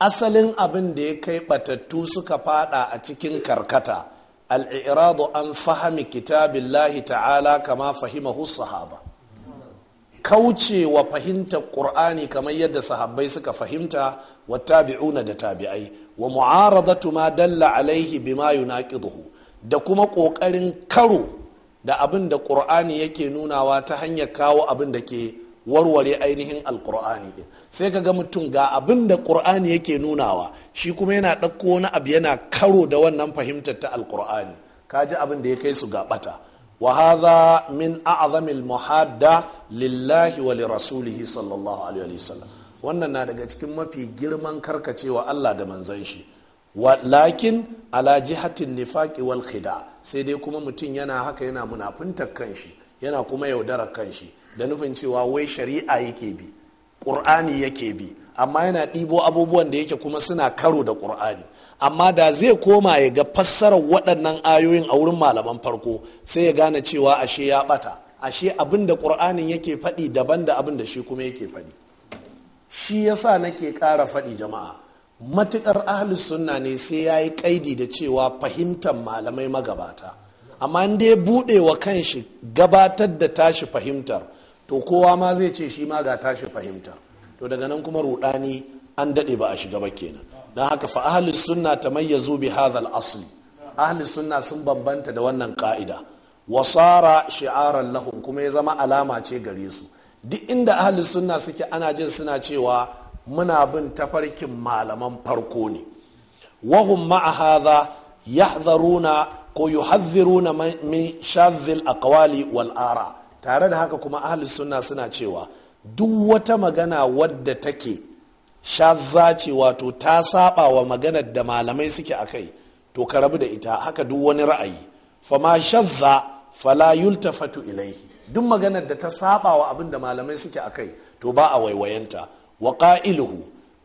asalin abin da ya kai batattu suka fada a cikin karkata al-i'radu an fahami Lahi ta'ala kama fahimahu sahaba kaucewa fahimtar ƙur'ani kamar yadda sahabbai suka fahimta wa tabi'una da tabi'ai wa mu'aradatu ma dalla alaihi bima yunaqiduhu da kuma ƙoƙarin karo da abin da ƙur'ani yake nunawa ta hanyar kawo abin da ke warware ainihin alƙur'ani ɗin sai ka ga mutum ga abin da ƙur'ani yake nunawa shi kuma yana ɗauko wani abu yana karo da wannan fahimtar ta alƙur'ani ka ji abin da ya kai su ga ɓata min من muhadda lillahi wa ولرسوله صلى الله عليه wannan na daga cikin mafi girman karkacewa Allah da manzon shi lakin ala jihatin nifaki wal khida sai dai kuma mutum yana haka yana munafuntar kanshi yana kuma yaudarar kanshi da nufin cewa wai shari'a yake bi ƙur'ani yake bi amma yana ɗibo abubuwan da yake kuma suna karo da ƙur'ani amma da zai koma ya ga fassarar waɗannan ayoyin a wurin malaman farko sai ya gane cewa ashe ya ɓata ashe abin da ƙur'anin yake faɗi daban da abin da shi kuma yake faɗi shi yasa nake ƙara faɗi jama'a matuƙar ahlus sunna ne sai ya yi ƙaidi da cewa fahimtar malamai magabata amma in dai buɗe wa kanshi gabatar da tashi fahimtar to kowa ma zai ce shi ma ga tashi fahimtar to daga nan kuma ruɗani an daɗe ba a shiga ba kenan don haka fa ahlus sunna ta tamayyazu bi hadal asli ahlus sunna sun bambanta da wannan ka'ida wasara shi'aran lahum kuma ya zama alama ce gare su duk inda ahlus sunna suke ana jin suna cewa muna bin tafarkin malaman farko ne wahum ma'a hadha yahzaruna ko yuhadhiruna min shazil a kawali wal'ara tare da haka kuma ahli suna suna cewa duk wata magana wadda take shazza ce wato ta saba wa maganar da malamai suke a kai to ka rabu da ita haka duk wani ra'ayi fama shazza fala yultafatu ilaihi duk maganar da ta saba wa abin da malamai suke a kai to ba a waiwayenta wa ƙa'iluhu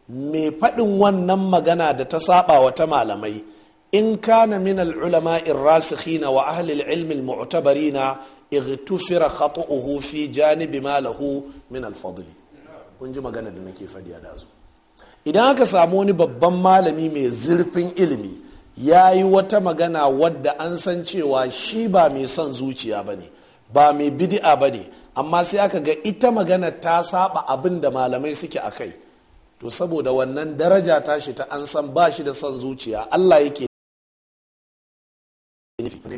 mai faɗin wannan magana da ta saba wa ta malamai in kana min al'ulama irrasikhina wa ahlil ilmi mu'tabarina igtusira khatu'uhu fi janibi malahu min alfadli kun ji magana da nake faɗi a dazu idan aka samu wani babban malami mai zurfin ilimi ya yi wata magana wadda an san cewa shi ba mai son zuciya ba ne ba mai bidi'a ba ne amma sai aka ga ita magana ta saba abin da malamai suke a kai to saboda wannan daraja tashi ta an san ba shi da son zuciya allah yake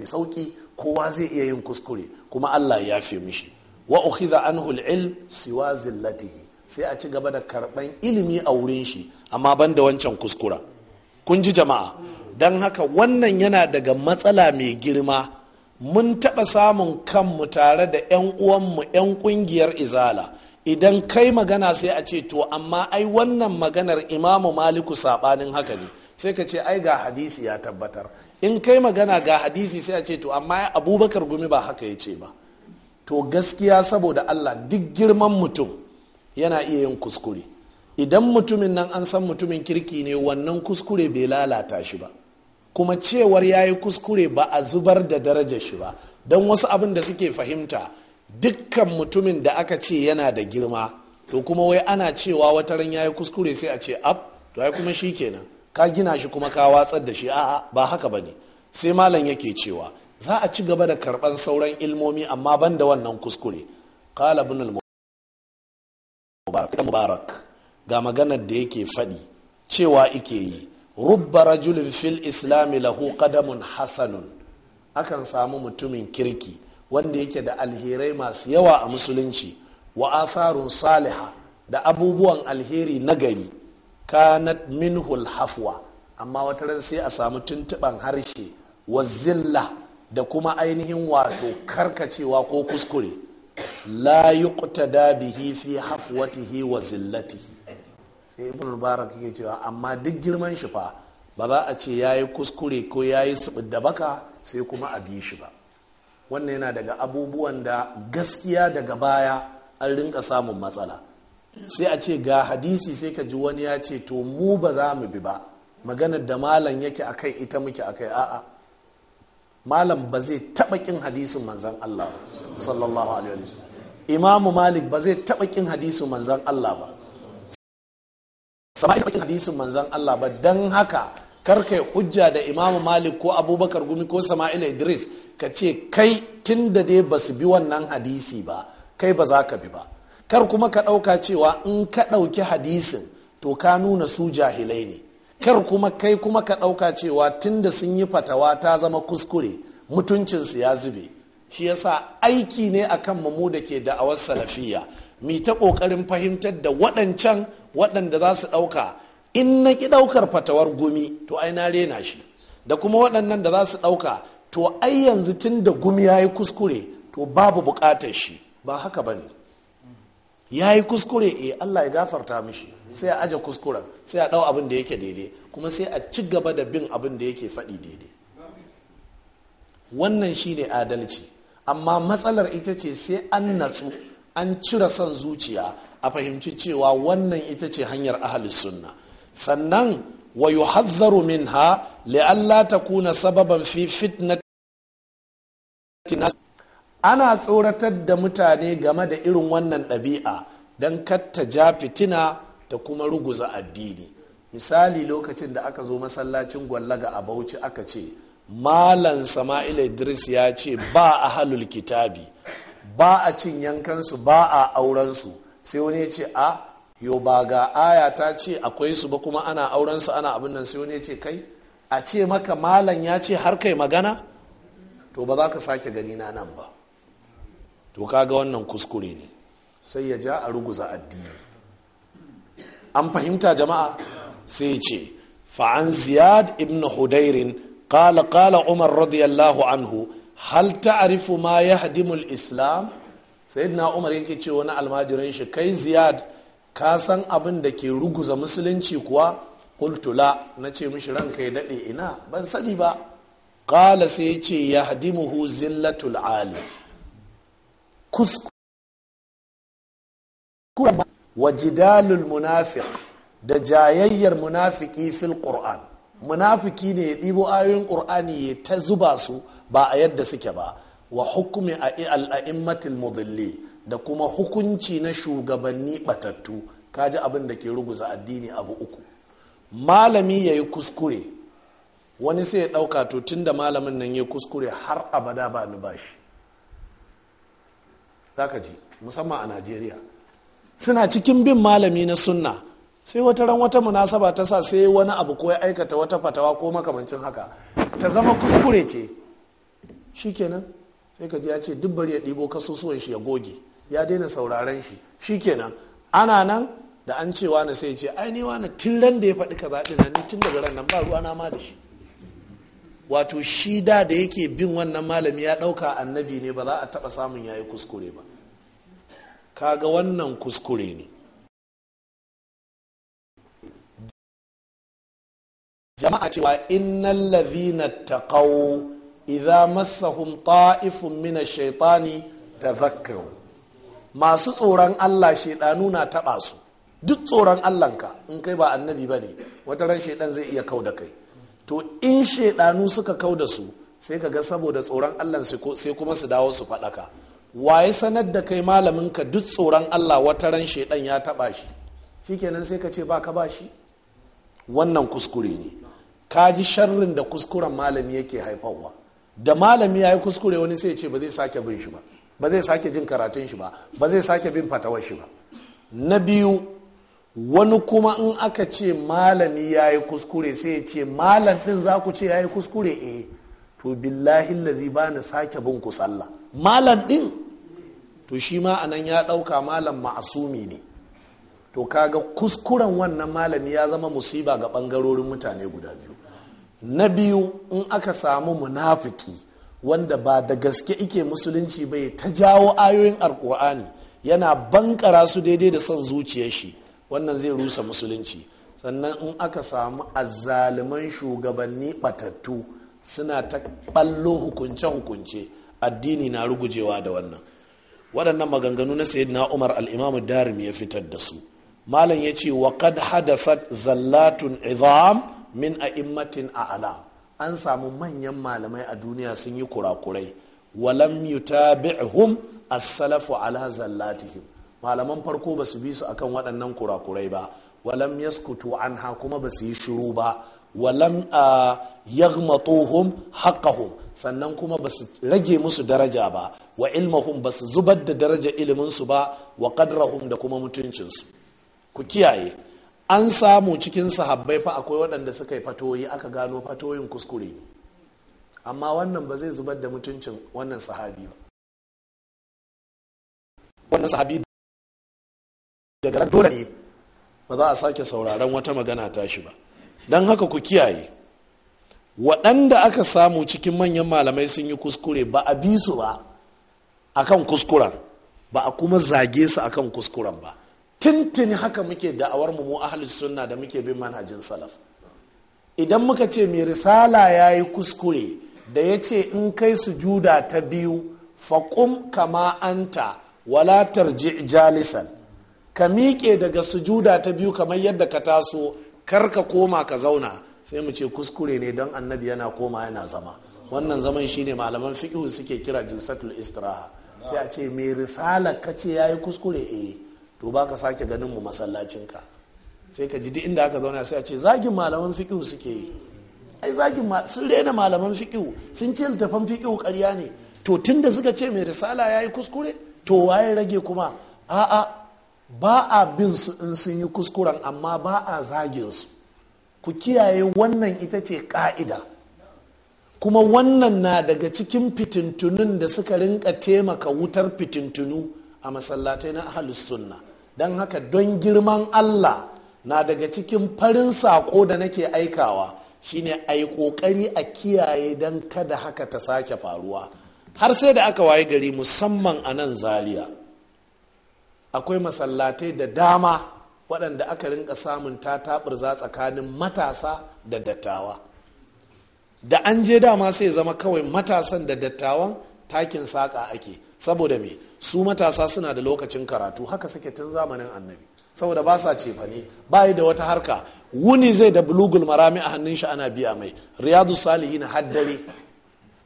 sauki kowa zai iya yin kuskure kuma allah ya fi mishi wa ukhidha anhu al-ilm siwa zillatihi sai a ci gaba da karban ilimi a wurin shi amma ban da wancan kuskura kun ji jama'a don haka wannan yana daga matsala mai girma mun taɓa samun kanmu tare da 'yan uwanmu 'yan ƙungiyar izala idan kai magana sai a ce to amma ai wannan maganar imamu maliku saɓanin haka ne sai ka ce ai ga hadisi ya tabbatar in kai magana ga hadisi sai a ce to amma abubakar gumi ba haka ya ce ba to gaskiya saboda allah duk girman mutum yana iya yin kuskure idan mutumin nan an san mutumin kirki ne wannan kuskure bai lalata shi ba kuma cewar ya yi kuskure ba a zubar da darajar shi ba don wasu abin da suke fahimta dukkan mutumin da aka ce yana da girma to kuma wai ana cewa wata ran ya yi kuskure sai a ce ab to ai kuma shi kenan ka gina shi kuma ka watsar da shi a'a ba haka ba ne sai malam yake cewa za a ci gaba da karban sauran ilmomi amma ban da wannan kuskure qala ibn mubarak ga maganar da yake faɗi cewa ike yi rubba rajulin fil islami lahu qadamun hasanun akan samu mutumin kirki wanda yake da alherai masu yawa a musulunci wa asarun saliha da abubuwan alheri nagari kanat minhul hafwa amma wata ran sai a samu tuntuban harshe wa zilla da kuma ainihin wato karkacewa ko kuskure la yuqtada bihi fi hafwatihi wa zillatihi sai ibn mubarak yake cewa amma duk girman shi fa ba za a ce yayi kuskure ko yayi yi da baka sai kuma a bi shi ba wannan yana daga abubuwan da gaskiya daga baya an rinka samun matsala sai a ce ga hadisi sai ka ji wani ya ce to mu ba za mu bi ba maganar da malam yake akai ita muke akai a'a malam ba zai taɓa ƙin hadisin manzon Allah sallallahu alaihi wasallam imamu malik ba zai taɓa ƙin hadisin manzon Allah ba sama'il bakin hadisin manzan Allah ba dan haka kar kai hujja da imamu malik ko abubakar gumi ko sama'il idris ka ce kai tun da dai ba su bi wannan hadisi ba kai ba za ka bi ba kar kuma ka ɗauka cewa in ka ɗauki hadisin to ka nuna su jahilai ne kar kuma kai kuma ka ɗauka cewa tunda sun yi fatawa ta zama kuskure mutuncinsu ya zube shi yasa aiki ne akan mu da ke da'awar salafiya mi ta ƙoƙarin fahimtar da waɗancan waɗanda za su ɗauka in na ki ɗaukar fatawar gumi to ai na rena shi da kuma waɗannan da za su ɗauka to ai yanzu tun da gumi ya yi kuskure to babu buƙatar shi ba haka ba ne ya yi kuskure eh Allah ya gafarta mishi sai a aje kuskuren sai a ɗau abin da yake daidai kuma sai a ci gaba da bin abin da yake faɗi daidai wannan shi ne adalci amma matsalar ita ce sai an natsu an cire son zuciya a fahimci cewa wannan ita ce hanyar ahalis sunna sannan wa yuhadharu minha li'alla takuna sababan fi fitna ana tsoratar da mutane game da irin wannan ɗabi'a don katta ja fitina ta kuma ruguza addini misali lokacin da aka zo masallacin gwallaga a bauchi aka ce malam sama'ila idris ya ce ba a halul kitabi ba a cin yankansu ba a aurensu sai wani ya ce a yo ba ga aya ta ce akwai su ba kuma ana auren su ana abin nan sai wani ya ce kai a ce maka malam ya ce har kai magana to ba za ka sake gani na nan ba to kaga wannan kuskure ne sai ya ja a ruguza addini an fahimta jama'a sai ce fa'an ziyad ibn hudairin qala qala umar radiyallahu anhu hal ta'rifu ma yahdimul islam sayyidina umar yake ce wani almajirin shi kai ziyad ka san abin da ke ruguza musulunci kuwa kultula na ce mishi ranka ya daɗe ina ban sani ba kala sai ya ce ya hadimuhu zillatul ali kuskuren wa jidalul munafiq da jayayyar munafiki fil qur'an munafiki ne ya ɗibo ayoyin qur'ani ya ta zuba su ba a yadda suke ba wa hukumi al'a'immatil mudilli da kuma hukunci na shugabanni batattu kaji abin da ke ruguza addini abu uku malami ya yi kuskure wani sai ya ɗauka to tunda malamin nan ya kuskure har abada ba ni ba shi zaka ji musamman a najeriya suna cikin bin malami na sunna sai wata ran wata munasaba ta sa sai wani abu ko ya aikata wata fatawa ko makamancin haka ta zama kuskure ce shi shikenan sai ka ji ya ce duk bari ya ɗibo kasusuwan shi ya goge ya daina sauraren shi shi shikenan ana nan da an ce wani sai ce ai ni wani tun ran da ya faɗi ka na nan tun daga ran nan ba ruwa na ma da shi wato shi da da yake bin wannan malami ya ɗauka annabi ne ba za a taɓa samun yayi kuskure ba kaga wannan kuskure ne jama'a cewa innal ladhina taqaw idza massahum ta'ifun mina shaitani tazakkaru masu tsoron Allah shaiɗanu na taɓa su duk tsoron Allahnka in kai ba annabi ba ne wata ran shaidan zai iya kau da kai to in shaidanu suka kau da su sai ka ga saboda tsoron Allah sai kuma su dawo su faɗaka waye sanar da kai malamin ka duk tsoron Allah wata ran shaidan ya taɓa shi shikenan sai ka ce ba ka ba wannan kuskure ne ka ji sharrin da kuskuren malami yake haifarwa da malami ya yi kuskure wani sai ce ba zai sake bin shi ba ba zai sake jin karatun shi ba ba zai sake bin fatawar shi ba na biyu wani kuma in aka ce malami ya yi kuskure sai ya ce malam din za ku ce ya yi kuskure eh to billahi lazi ba na sake bin ku sallah malam din to shi ma anan ya ɗauka malam ma'asumi ne to kaga kuskuren wannan malami ya zama musiba ga ɓangarorin mutane guda biyu na biyu in aka samu munafiki wanda ba da gaske ike musulunci bai ta jawo ayoyin alkur'ani yana bankara su daidai da son zuciyar shi wannan zai rusa musulunci sannan in aka samu azzaliman shugabanni batattu suna ta ballo hukunce-hukunce addini na rugujewa da wannan waɗannan maganganu na na umar al'imamu darim ya fitar da su malam ya ce wa qad hadafat zallatun izam min a immatin a ala an samu manyan malamai a duniya sun yi kurakurai walam yutabi'hum as-salafu ala zallatihim malaman farko ba su bi su akan waɗannan kurakurai ba walam yaskutu anha kuma ba su yi shiru ba walam yaghmatuhum haqqahum sannan kuma ba su rage musu daraja ba wa ilmahum ba su zubar da daraja iliminsu ba wa qadrahum da kuma mutuncinsu ku kiyaye an samu cikin sahabbai fa akwai waɗanda suka yi fatoyi aka gano fatoyin kuskure amma wannan ba zai zubar da mutuncin wannan sahabi ba wannan sahabi daga dole ne ba za a sake sauraron wata magana ta shi ba don haka ku kiyaye waɗanda aka samu cikin manyan malamai sun yi kuskure ba a bi su ba akan kuskuren ba a kuma zage su akan kuskuren ba tintini haka muke da'awar mu ahlus sunna da muke bin manhajin salaf idan muka ce mai risala ya yi kuskure da ya ce in kai sujuda ta biyu faƙum kama anta ta tarji jalisan ka miƙe daga sujuda ta biyu kamar yadda ka taso kar ka koma ka zauna sai mu ce kuskure ne don annabi yana koma yana zama wannan zaman shine malaman fiƙihu suke kira jinsatul istiraha sai a ce mai risala ka ce ya yi kuskure eh to ba ka sake ganin mu masallacinka sai ka ji duk inda aka zauna sai a ce zagin malaman fiƙihu suke yi ai zagin sun rena malaman fiƙihu sun ce littafan fiƙihu ƙarya ne to tun da suka ce mai risala ya yi kuskure to waye rage kuma a'a ba a bin su in sun yi kuskuren amma ba a zagin su ku kiyaye wannan ita ce ka'ida kuma wannan na daga cikin fitintunun da suka rinka taimaka wutar fitintunu a masallatai na ahalus sunna don haka don girman allah na daga cikin farin sako da nake aikawa shine a yi ƙoƙari a kiyaye don kada haka ta sake faruwa har sai da aka waye gari musamman a nan zaria akwai masallatai da dama waɗanda aka rinka samun ta za tsakanin matasa da dattawa da an je dama sai zama kawai matasan da dattawan takin saƙa ake saboda me su matasa suna da lokacin karatu haka suke tun zamanin annabi saboda ba sa cefa ne ba da wata harka wuni zai da bulugul marami a hannun shi ana biya mai riyadu na haddare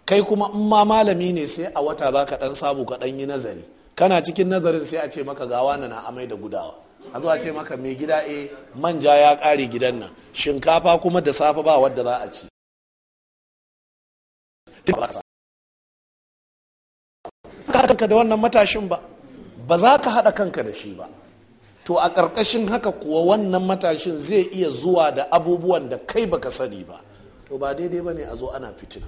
kai kuma in ma malami ne sai a wata za ka dan samu ka dan yi nazari kana cikin nazarin sai a ce maka gawa na amai da gudawa a zuwa ce maka mai gida e manja ya kare gidan nan shinkafa kuma da safe ba wadda za a ci kanka da wannan matashin ba ba za ka haɗa kanka da shi ba to a ƙarƙashin haka kuwa wannan matashin zai iya zuwa da abubuwan da kai baka sani ba to ba daidai ba ne a zo ana fitina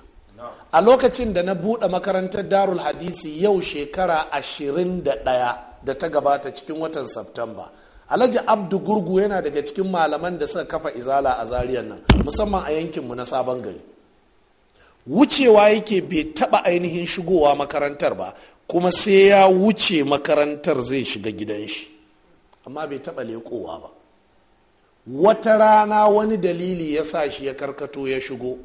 a lokacin da na buɗe makarantar darul hadisi yau shekara ashirin da ɗaya da ta gabata cikin watan Septemba. alhaji abdu gurgu yana daga cikin malaman da suka kafa izala a zariyar nan musamman a yankinmu na sabon gari wucewa yake bai taba ainihin shigowa makarantar ba kuma sai ya wuce makarantar zai shiga gidan shi amma bai taba lekowa ba wata rana wani dalili ya sa shi ya karkato ya shigo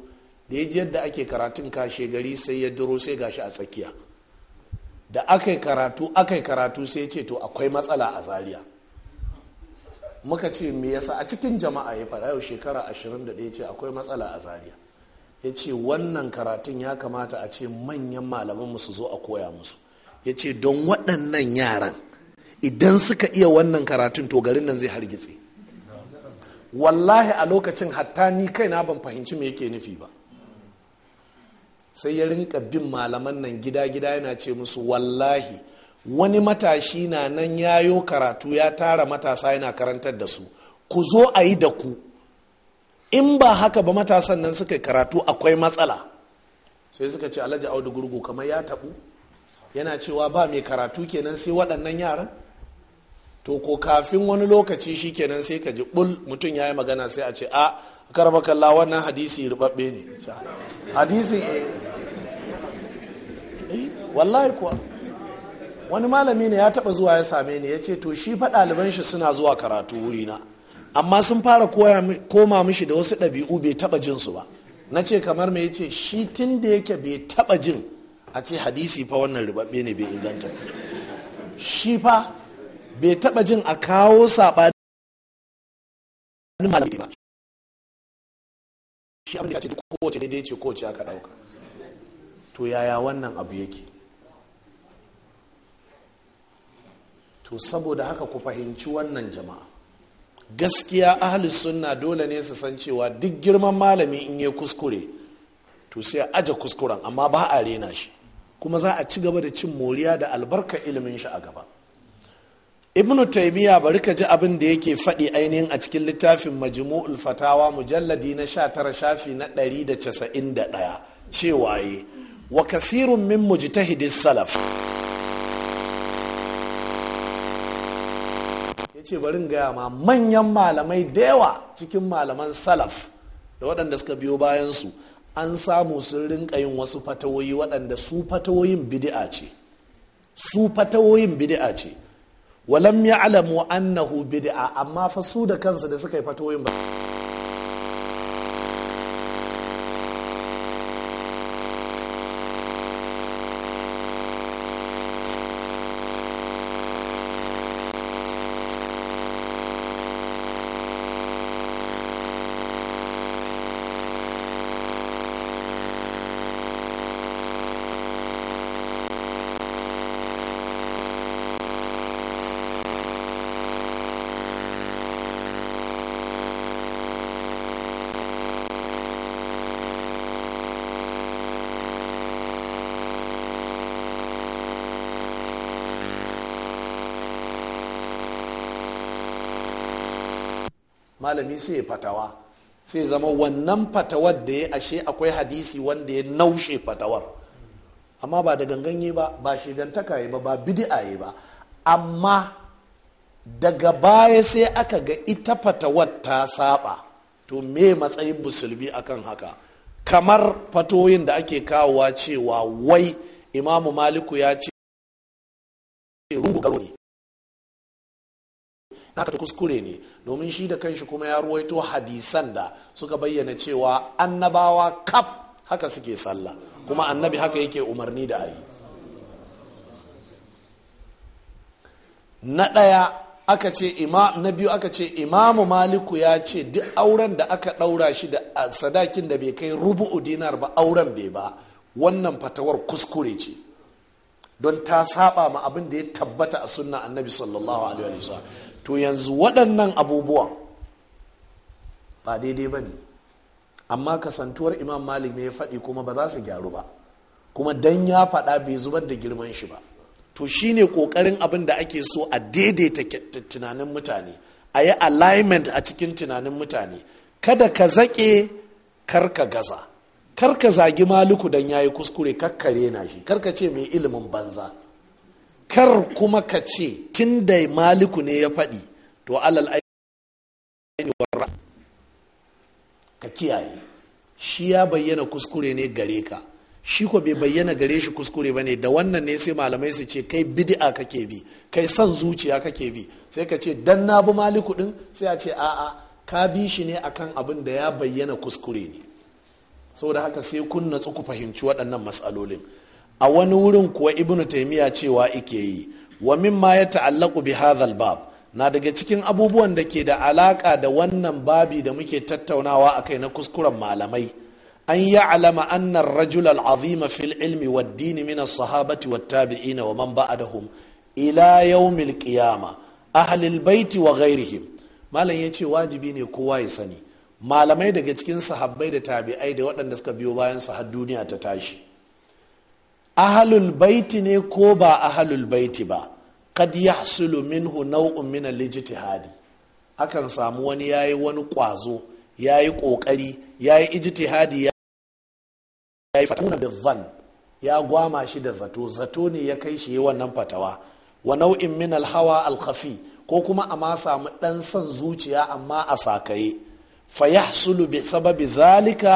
da ya ji yadda ake karatun kashe gari sai ya duro sai gashi a tsakiya da aka karatu aka karatu sai ce to akwai matsala a Zariya. muka ce me yasa a cikin jama'a ya faɗa yau shekara 21 ce akwai matsala a Zariya. ya ce wannan karatun ya kamata a ce manyan malamanmu su zo a koya musu ya ce don waɗannan yaran idan suka iya wannan karatun to garin nan zai hargitse wallahi a lokacin hatta ni kai na ban fahimci me yake nufi ba sai ya rinka bin malaman nan gida-gida yana ce musu wallahi wani matashi na nan yayo karatu ya tara matasa yana karantar da su ku zo a yi da ku in ba haka ba matasan nan suka karatu akwai matsala sai suka ce alhaji audu gurgu kamar ya tabu yana cewa ba mai karatu kenan sai waɗannan yaran to ko kafin wani lokaci shi kenan sai ka ji bul mutum ya yi magana sai a ce a karba kalla wannan hadisi rubabbe ne hadisi eh, eh, wallahi kuwa wani malami ne ya taba zuwa ya same ni ya ce to shi fa ɗaliban shi suna zuwa karatu wurina amma sun fara koma mishi da wasu ɗabi'u bai taɓa jin su ba na ce kamar mai ce shi tun da yake bai taɓa jin a ce hadisi fa wannan ribabbe ne bai inganta shi fa bai taɓa jin a kawo da saɓani malamai ba shi abin da ya ce kowace daidai ce kowace aka ɗauka to yaya wannan abu yake to saboda haka ku fahimci wannan jama'a gaskiya ahalus sunna dole ne su san cewa duk girman malami in ya kuskure to sai a aje kuskuren amma ba a rena shi kuma za a ci gaba da cin moriya da albarka ilimin shi a gaba ibnu taimiyya bari ka ji abin da yake faɗi ainihin a cikin littafin majmu'ul fatawa mujalladi na sha tara shafi na ɗari da casa'in da ɗaya cewaye wa kasirun min mujtahidis salaf ce barin gaya ma manyan malamai da yawa cikin malaman salaf da waɗanda suka biyo bayansu an samu sun rinka yin wasu fatawoyi waɗanda su fatawoyin bidi'a ce su fatawoyin bidi'a ce walam ya alamu annahu bidi'a amma fa su da kansu da suka yi fatawoyin ba malami sai ya fatawa sai zama wannan fatawar da ya ashe akwai hadisi wanda ya naushe fatawar amma ba da ganganye ba ba shigantaka ba ba bidi'a ba amma daga baya sai aka ga ita fatawar ta saba to me matsayin musulmi akan haka kamar fatoyin da ake kawowa cewa wai imamu maliku ya ce rungu garo haka kuskure ne domin shi da kanshi kuma ya ruwaito hadisan da suka bayyana cewa annabawa kaf haka suke sallah kuma annabi haka yake umarni da ayi na ɗaya aka ce imam na biyu aka ce imamu maliku ya ce duk auren da aka ɗaura shi da sadakin da bai kai rubu'u dinar ba auren bai ba wannan fatawar kuskure ce don ta saba ma abin da ya tabbata a sunna annabi sallallahu alaihi wasallam to yanzu waɗannan abubuwan ba daidai ba ne amma kasantuwar imam malik ne ya faɗi kuma ba za su gyaru ba kuma dan ya faɗa bai zubar da girman shi ba to shine ƙoƙarin abin da ake so a daidaita tunanin mutane a yi alignment a cikin tunanin mutane kada ka zaƙe karka ka gaza kar zagi maluku dan ya yi kuskure kakkare na shi kar ka ce mai ilimin banza kar kuma ka ce tun da maliku ne ya faɗi to alal aini ka kiyaye shi ya bayyana kuskure ne gare ka shi ko bai bayyana gare shi kuskure ba ne da wannan ne sai malamai su ce kai bid'a kake bi kai son zuciya kake bi sai ka ce dan na bi maliku din sai a ce a'a ka bi shi ne akan abin da ya bayyana kuskure ne saboda haka sai kun natsu ku fahimci waɗannan matsalolin a wani wurin kuwa ibnu taimiya cewa ike yi wa mimma ya ta'allaku bi hadhal bab na daga cikin abubuwan da ke da alaka da wannan babi da muke tattaunawa akai na kuskuren malamai an ya alama annar rajul al'azima fil ilmi wa dini min sahabati wa tabi'ina wa man ba'adahum ila yawmil qiyama ahlil baiti wa ghairihim malam ya ce wajibi ne kowa ya sani malamai daga cikin sahabbai da tabi'ai da waɗanda suka biyo bayan su har duniya ta tashi ahalul baiti ne ko ba ahalul baiti ba kad yahsulu minhu nau'un min al akan samu wani yayi wani kwazo yayi kokari yayi ijtihadi yayi fatuna bizan ya gwama shi da zato zato ne ya kai shi yi wannan fatawa wa nau'in min al-hawa al-khafi ko kuma a ma samu dan son zuciya amma a sakaye fa yahsulu bi sababi zalika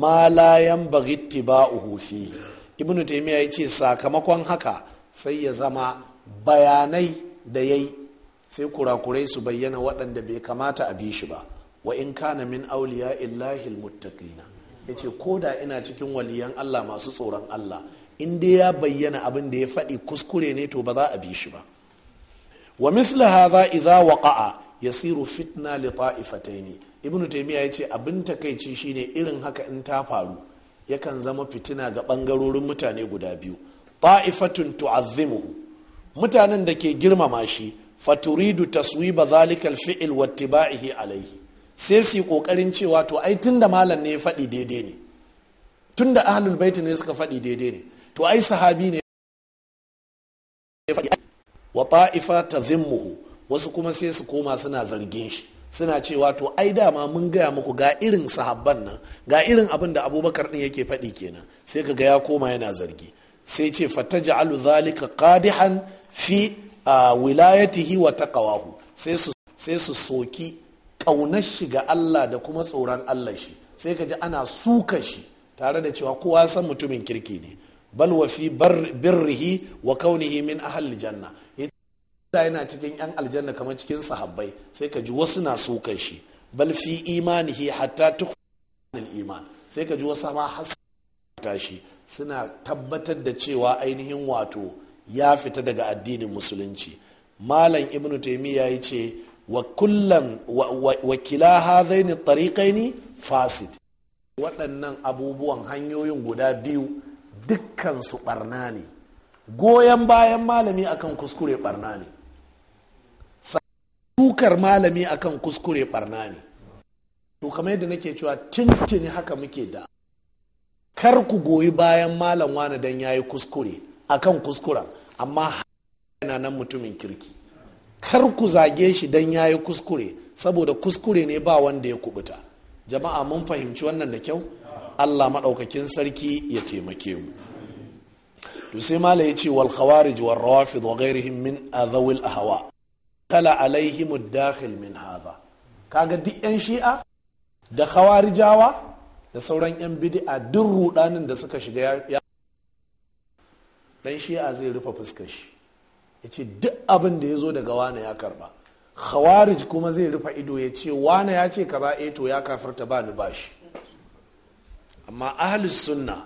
ma la yanbaghi ittiba'uhu fihi ibnu taimiyya ya ce sakamakon haka sai ya zama bayanai da yayi sai kurakurai su bayyana waɗanda bai kamata a bi shi ba wa in kana min auliya illahi muttaqina ya ce ko da ina cikin waliyan allah masu tsoron allah in dai ya bayyana abin da ya faɗi kuskure ne to ba za a bi shi ba wa misla hadha idha waqa'a yasiru fitna li ta'ifataini ibnu taymiya yace abin takeici shine irin haka in ta faru yakan zama fitina ga ɓangarorin mutane guda biyu ta'ifatun tu'azzimuhu mutanen da ke girmama shi faturidu taswi taswiba zalikal fi'il wattiba'ihi alaihi sai su yi kokarin cewa to ai tunda malam ne ya faɗi daidai ne tunda ahlul baiti ne suka faɗi daidai ne to ai sahabi ne wa ta'ifa tazimmuhu wasu kuma sai su koma suna zargin shi suna cewa to ai dama mun gaya muku ga irin sahabban nan ga irin abin da abubakar ɗin yake faɗi kenan sai ka ga ya koma yana zargi sai ce alu zalika qadihan fi wilayatihi wa taqawahu sai su sai su soki kaunar shi ga Allah da kuma tsoron Allah shi sai ka ji ana suka shi tare da cewa kowa san mutumin kirki ne bal wa fi birrihi wa kaunihi min ahli janna da yana cikin 'yan aljanna kamar cikin sahabbai sai ka ji wasu na kan shi bal fi imanihi hatta tuhul iman sai ka ji wasu ma hasa shi suna tabbatar da cewa ainihin wato ya fita daga addinin musulunci malam ibnu taymiya ya ce wa kullan wa kila hadaini tariqaini fasid waɗannan abubuwan hanyoyin guda biyu dukkan su barna ne goyon bayan malami akan kuskure barna ne dukar malami akan kuskure barna ne to kamar yadda nake cewa tintini haka muke da kar ku goyi bayan malam wani dan yayi kuskure akan kuskuren amma yana nan mutumin kirki kar ku zage shi dan yayi kuskure saboda kuskure ne ba wanda ya kubuta jama'a mun fahimci wannan da kyau Allah maɗaukakin sarki ya taimake mu to sai mala ya ce wal khawarij wal rawafid wa ghairihim min adawil ahwa tala alaihi dakhil min haza kaga duk yan shi'a da khawarijawa da sauran yan bidi'a duk rudanin da suka shiga ya dan shi'a zai rufe fuskar shi yace duk abin da ya zo daga wani ya karba khawarij kuma zai rufe ido ya ce wani ya ce kaza eh to ya kafirta ba ni bashi amma ahlus sunna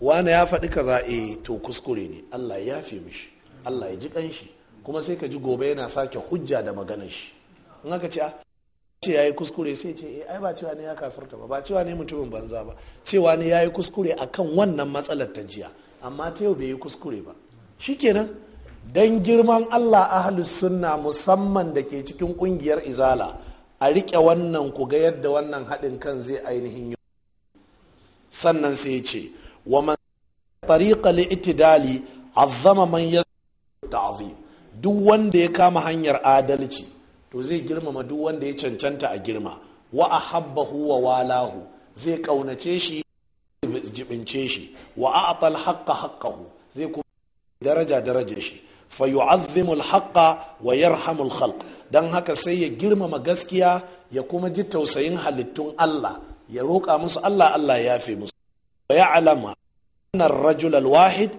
wani ya faɗi kaza eh to kuskure ne Allah ya fi mishi Allah ya ji kanshi kuma sai ka ji gobe yana sake hujja da maganar shi in aka ce ah, ce ya yi kuskure sai ce eh, ai ba cewa ne ya kafirta ba ba cewa ne mutumin banza ba cewa ne ya yi kuskure akan wannan matsalar ta jiya amma ta yau bai yi kuskure ba Shi shikenan dan girman Allah ahlus sunna musamman da ke cikin kungiyar izala a rike wannan ku ga yadda wannan haɗin kan zai ainihin yi sannan sai ce wa man tariqa li itidali azzama man ya duk wanda ya kama hanyar adalci to zai girmama duk wanda ya cancanta a girma wa ahabbahu wa walahu zai kaunace shi jibince shi wa a'tal haqqa haqqahu zai kuma daraja daraje shi fa yu'azzimul haqqa wa yarhamul khalq dan haka sai ya girmama gaskiya ya kuma ji tausayin halittun Allah ya roƙa musu Allah Allah ya yafe musu wa ya'lamu anna ar-rajula al-wahid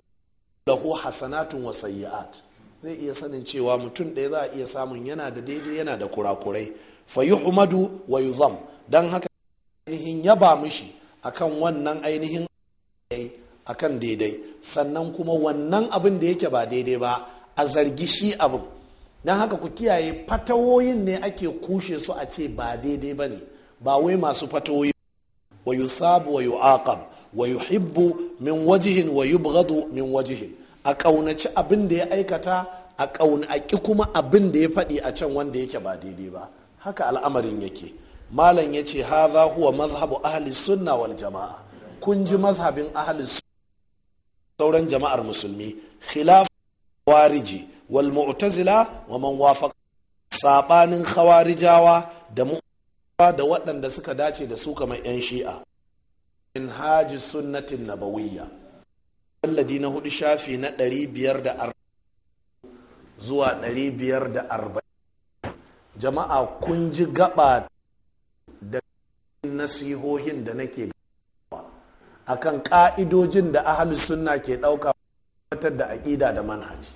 lahu hasanatun wa sayyi'at zai iya sanin cewa mutum ɗaya za a iya samun yana da daidai yana da kurakurai fa yuhmadu wa yuzam dan haka ainihin yaba mishi akan wannan ainihin akan daidai sannan kuma wannan abin da yake ba daidai ba a zargi shi abin don haka ku kiyaye fatawoyin ne ake kushe su a ce ba daidai ba ne ba wai masu fatawoyi wa yusabu wa yu'aqab wa yuhibbu min wajihin wa yubghadu min wajihin a ƙaunaci abin da ya aikata a ƙi kuma abin da ya faɗi a can wanda yake ba daidai ba haka al'amarin yake malam ya ce haza huwa mazhabu ahli sunna wal jama'a kun ji mazhabin ahli sauran jama'ar musulmi khilaf wariji wal mu'tazila wa man wafaq sabanin khawarijawa da mu'tazila da waɗanda suka dace da su kamar yan shi'a in haji sunnatin nabawiyya mujalladi na hudu shafi na ɗari biyar da zuwa ɗari biyar da arba'in jama'a kun ji gaba da nasihohin da nake a kan ƙa'idojin da ahalus sunna ke ɗauka fitar da aƙida da manhaji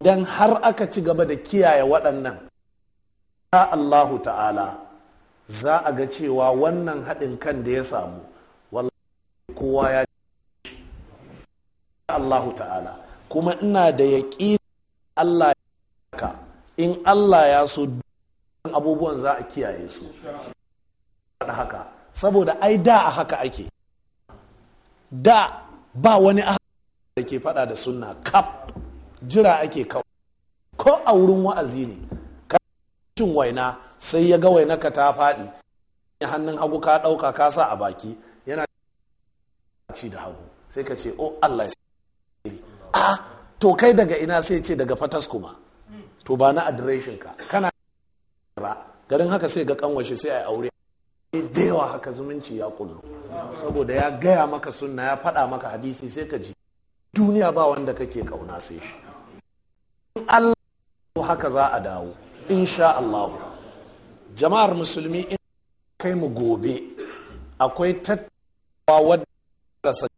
idan har aka ci gaba da kiyaye waɗannan ta Allahu ta'ala za a ga cewa wannan haɗin kan da ya samu wallahi kowa ya Allahu ta'ala kuma ina da yaƙi Allah ka in Allah ya so abubuwan za a kiyaye su haka saboda ai da a haka ake da ba wani a da ke fada da sunna kap jira ake kawai ko a wurin wa'azi ne ka cin waina sai ya ga wainaka ta faɗi hannun hagu ka ɗauka ka sa a baki yana ci da hagu sai ka ce o oh, Allah a to kai daga ina sai ce daga fatas kuma to ba na adireshin ka kana ba garin haka sai ga kanwashi sai a aure da yawa haka zumunci ya kullu saboda ya gaya maka sunna ya faɗa maka hadisi sai ka ji duniya ba wanda kake kauna sai shi in Allah haka za a dawo insha Allah jama'ar musulmi in kai mu gobe akwai tattawa wadda